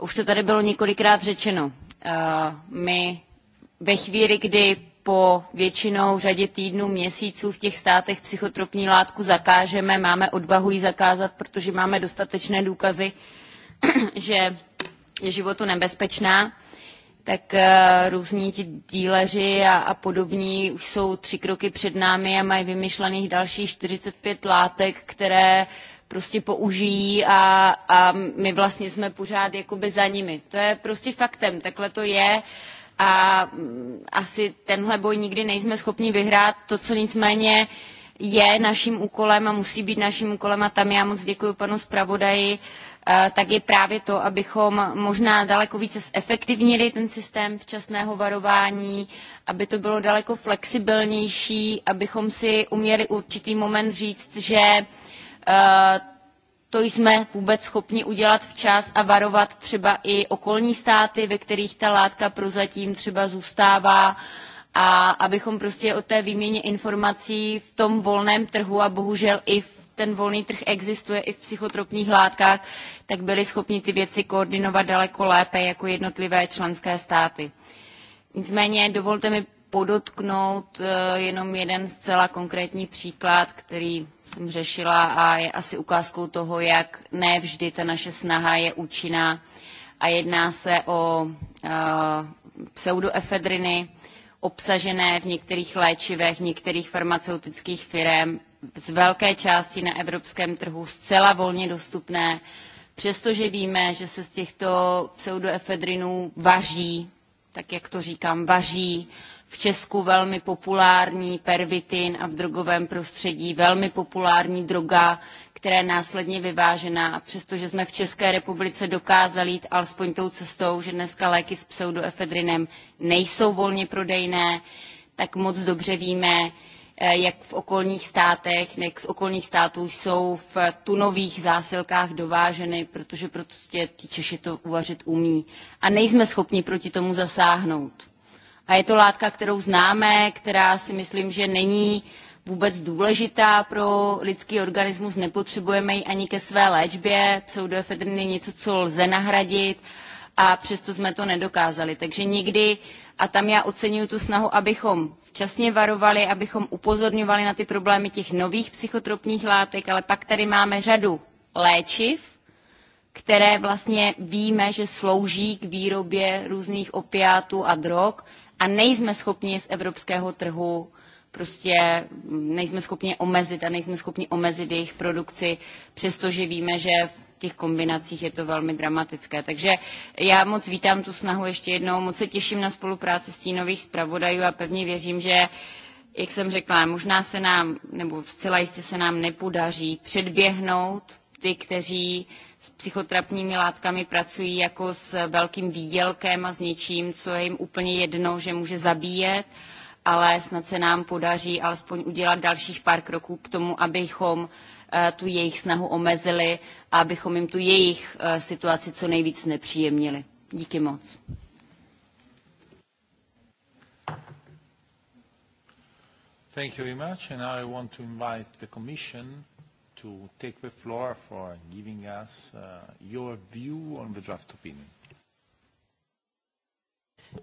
Už to tady bylo několikrát řečeno. Eh, my ve chvíli, kdy po většinou řadě týdnů, měsíců v těch státech psychotropní látku zakážeme, máme odvahu ji zakázat, protože máme dostatečné důkazy, že je životu nebezpečná, tak eh, různí ti díleři a, a podobní už jsou tři kroky před námi a mají vymyšlených dalších 45 látek, které prostě použijí a, a my vlastně jsme pořád jakoby za nimi. To je prostě faktem, takhle to je a mm, asi tenhle boj nikdy nejsme schopni vyhrát. To, co nicméně je naším úkolem a musí být naším úkolem a tam já moc děkuji panu zpravodaji, uh, Eh, tak je právě to, abychom možná daleko více zefektivnili ten systém včasného varování, aby to bylo daleko flexibilnější, abychom si uměli určitý moment říct, že eh, to jsme vůbec schopni udělat včas a varovat třeba i okolní státy, ve kterých ta látka prozatím třeba zůstává a abychom prostě o té výměně informací v tom volném trhu a bohužel i v ten volný trh existuje i v psychotropních látkách, tak byli schopni ty věci koordinovat daleko lépe jako jednotlivé členské státy. Nicméně dovolte mi podotknout eh, jenom jeden zcela konkrétní příklad, který jsem řešila a je asi ukázkou toho, jak ne vždy ta naše snaha je účinná. A jedná se o eh, pseudoefedriny obsažené v některých léčivech, některých farmaceutických firm z velké části na evropském trhu zcela volně dostupné, přestože víme, že se z těchto pseudoefedrinů vaří, tak jak to říkám, vaří v Česku velmi populární pervitin a v drogovém prostředí velmi populární droga, která je následně vyvážená. Přestože jsme v České republice dokázali jít alespoň tou cestou, že dneska léky s pseudoefedrinem nejsou volně prodejné, tak moc dobře víme, Eh, jak v okolních státech, jak z okolních států jsou v tunových zásilkách dováženy, protože prostě ti Češi to uvařit umí. A nejsme schopni proti tomu zasáhnout. A je to látka, kterou známe, která si myslím, že není vůbec důležitá pro lidský organismus, nepotřebujeme ji ani ke své léčbě. Pseudoefedrin je něco, co lze nahradit a přesto jsme to nedokázali. Takže nikdy, a tam já oceňuji tu snahu, abychom včasně varovali, abychom upozorňovali na ty problémy těch nových psychotropních látek, ale pak tady máme řadu léčiv, které vlastně víme, že slouží k výrobě různých opiátů a drog a nejsme schopni z evropského trhu prostě nejsme schopni omezit a nejsme schopni omezit jejich produkci, přestože víme, že v těch kombinacích je to velmi dramatické. Takže já moc vítám tu snahu ještě jednou, moc se těším na spolupráci s tím nových zpravodajů a pevně věřím, že jak jsem řekla, možná se nám, nebo zcela jistě se nám nepodaří předběhnout ty, kteří s psychotrapními látkami pracují jako s velkým výdělkem a s něčím, co je jim úplně jedno, že může zabíjet, ale snad se nám podaří alespoň udělat dalších pár kroků k tomu, abychom eh, tu jejich snahu omezili a abychom jim tu jejich eh, situaci co nejvíc nepříjemnili. Díky moc. Thank you very much. And now I want to invite the Commission to take the floor for giving us uh, your view on the draft opinion.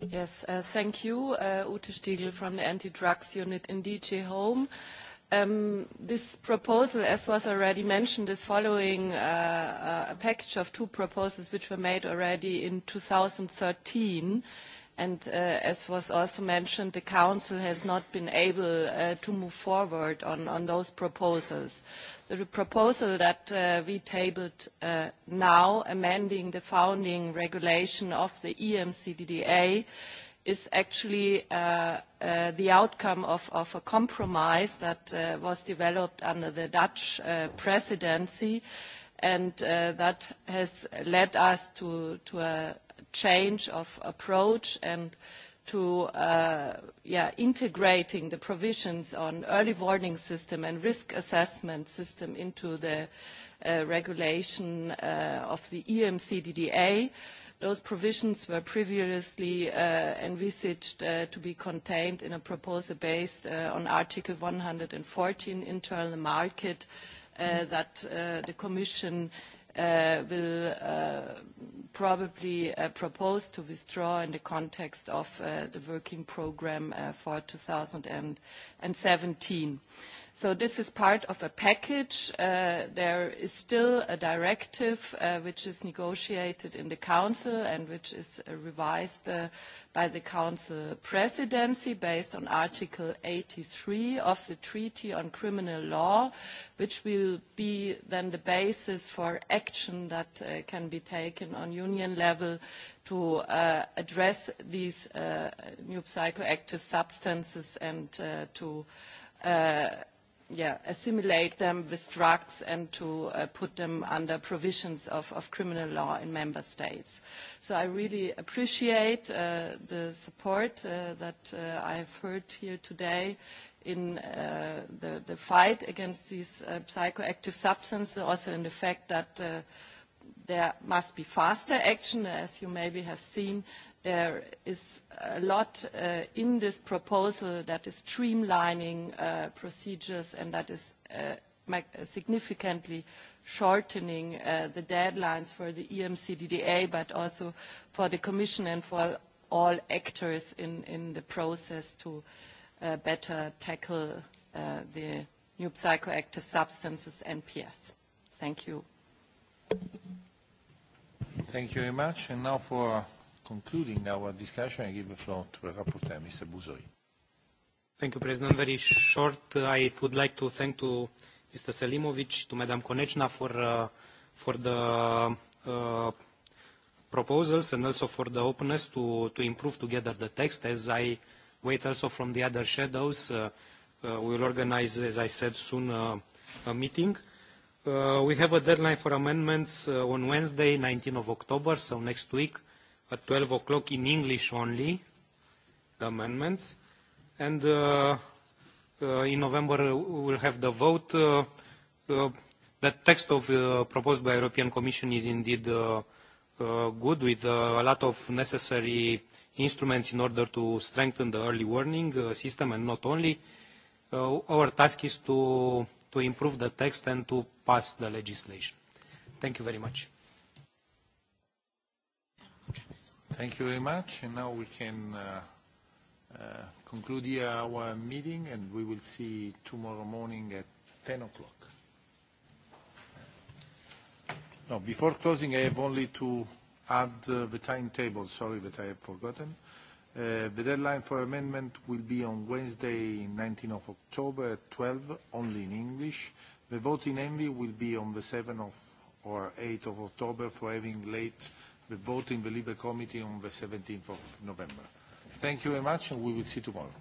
Yes, uh, thank you. Uh, Ute Stiegel from the Anti-Drugs Unit in DJ Home. Uh, Um, this proposal, as was already mentioned, is following uh, a package of two proposals which were made already in 2013. And uh, as was also mentioned, the Council has not been able uh, to move forward on, on those proposals. The proposal that uh, we tabled uh, now, amending the founding regulation of the EMCDDA, is actually uh, uh, the outcome of, of a compromise that uh, was developed under the Dutch uh, presidency, and uh, that has led us to, to a change of approach and to uh, yeah, integrating the provisions on early warning system and risk assessment system into the uh, regulation uh, of the EMCDDA. Uh, Those provisions were previously uh, envisaged uh, to be contained in a proposal based uh, on Article 114 internal market that the Commission Uh, will uh, probably uh, propose to withdraw in the context of the working program for 2017. So this is part of a package. Uh, there is still a directive uh, which is negotiated in the Council and which is uh, revised uh, by the Council presidency based on Article 83 of the Treaty on Criminal Law, which will be then the basis for action that uh, can be taken on union level to uh, address these uh, new psychoactive substances and uh, to uh, yeah, assimilate them with drugs and to uh, put them under provisions of, of criminal law in member states. So I really appreciate uh, the support uh, that uh, I've heard here today in uh, the, the fight against these uh, psychoactive substances, also in the fact that uh, there must be faster action, as you maybe have seen, there is a lot uh, in this proposal that is streamlining uh, procedures and that is uh, significantly shortening the deadlines for the EMCDDA, but also for the Commission and for all actors in, in the process to uh, better tackle uh, the new psychoactive substances, NPS. Thank you. Thank you very much. And now for concluding our discussion, I give the floor to the rapporteur, Mr. Buzoi. Thank you, President. Very short, uh, I would like to thank to Mr. Selimovic, to Madam Konechna for, uh, for the uh, proposals and also for the openness to, to improve together the text. As I wait also from the other shadows, uh, uh, we will organize, as I said, soon uh, a meeting. Uh, we have a deadline for amendments uh, on Wednesday, 19 of October, so next week at 12 o'clock in English only, the amendments. And uh, uh, in November, we uh, we'll have the vote. Uh, uh, the text of uh, proposed by European Commission is indeed uh, uh, good with uh, a lot of necessary instruments in order to strengthen the early warning uh, system and not only. Uh, our task is to, to improve the text and to pass the legislation. Thank you very much. Thank you very much. And now we can uh, uh, conclude here our meeting, and we will see tomorrow morning at 10 o'clock. Now, before closing, I have only to add uh, the timetable. Sorry that I have forgotten. Uh, the deadline for amendment will be on Wednesday, 19th of October at 12, only in English. The vote in ENVI will be on the 7th of or 8th of October for having late the vote in the Libre Committee on the 17th of November. Thank you very much, and we will see you tomorrow.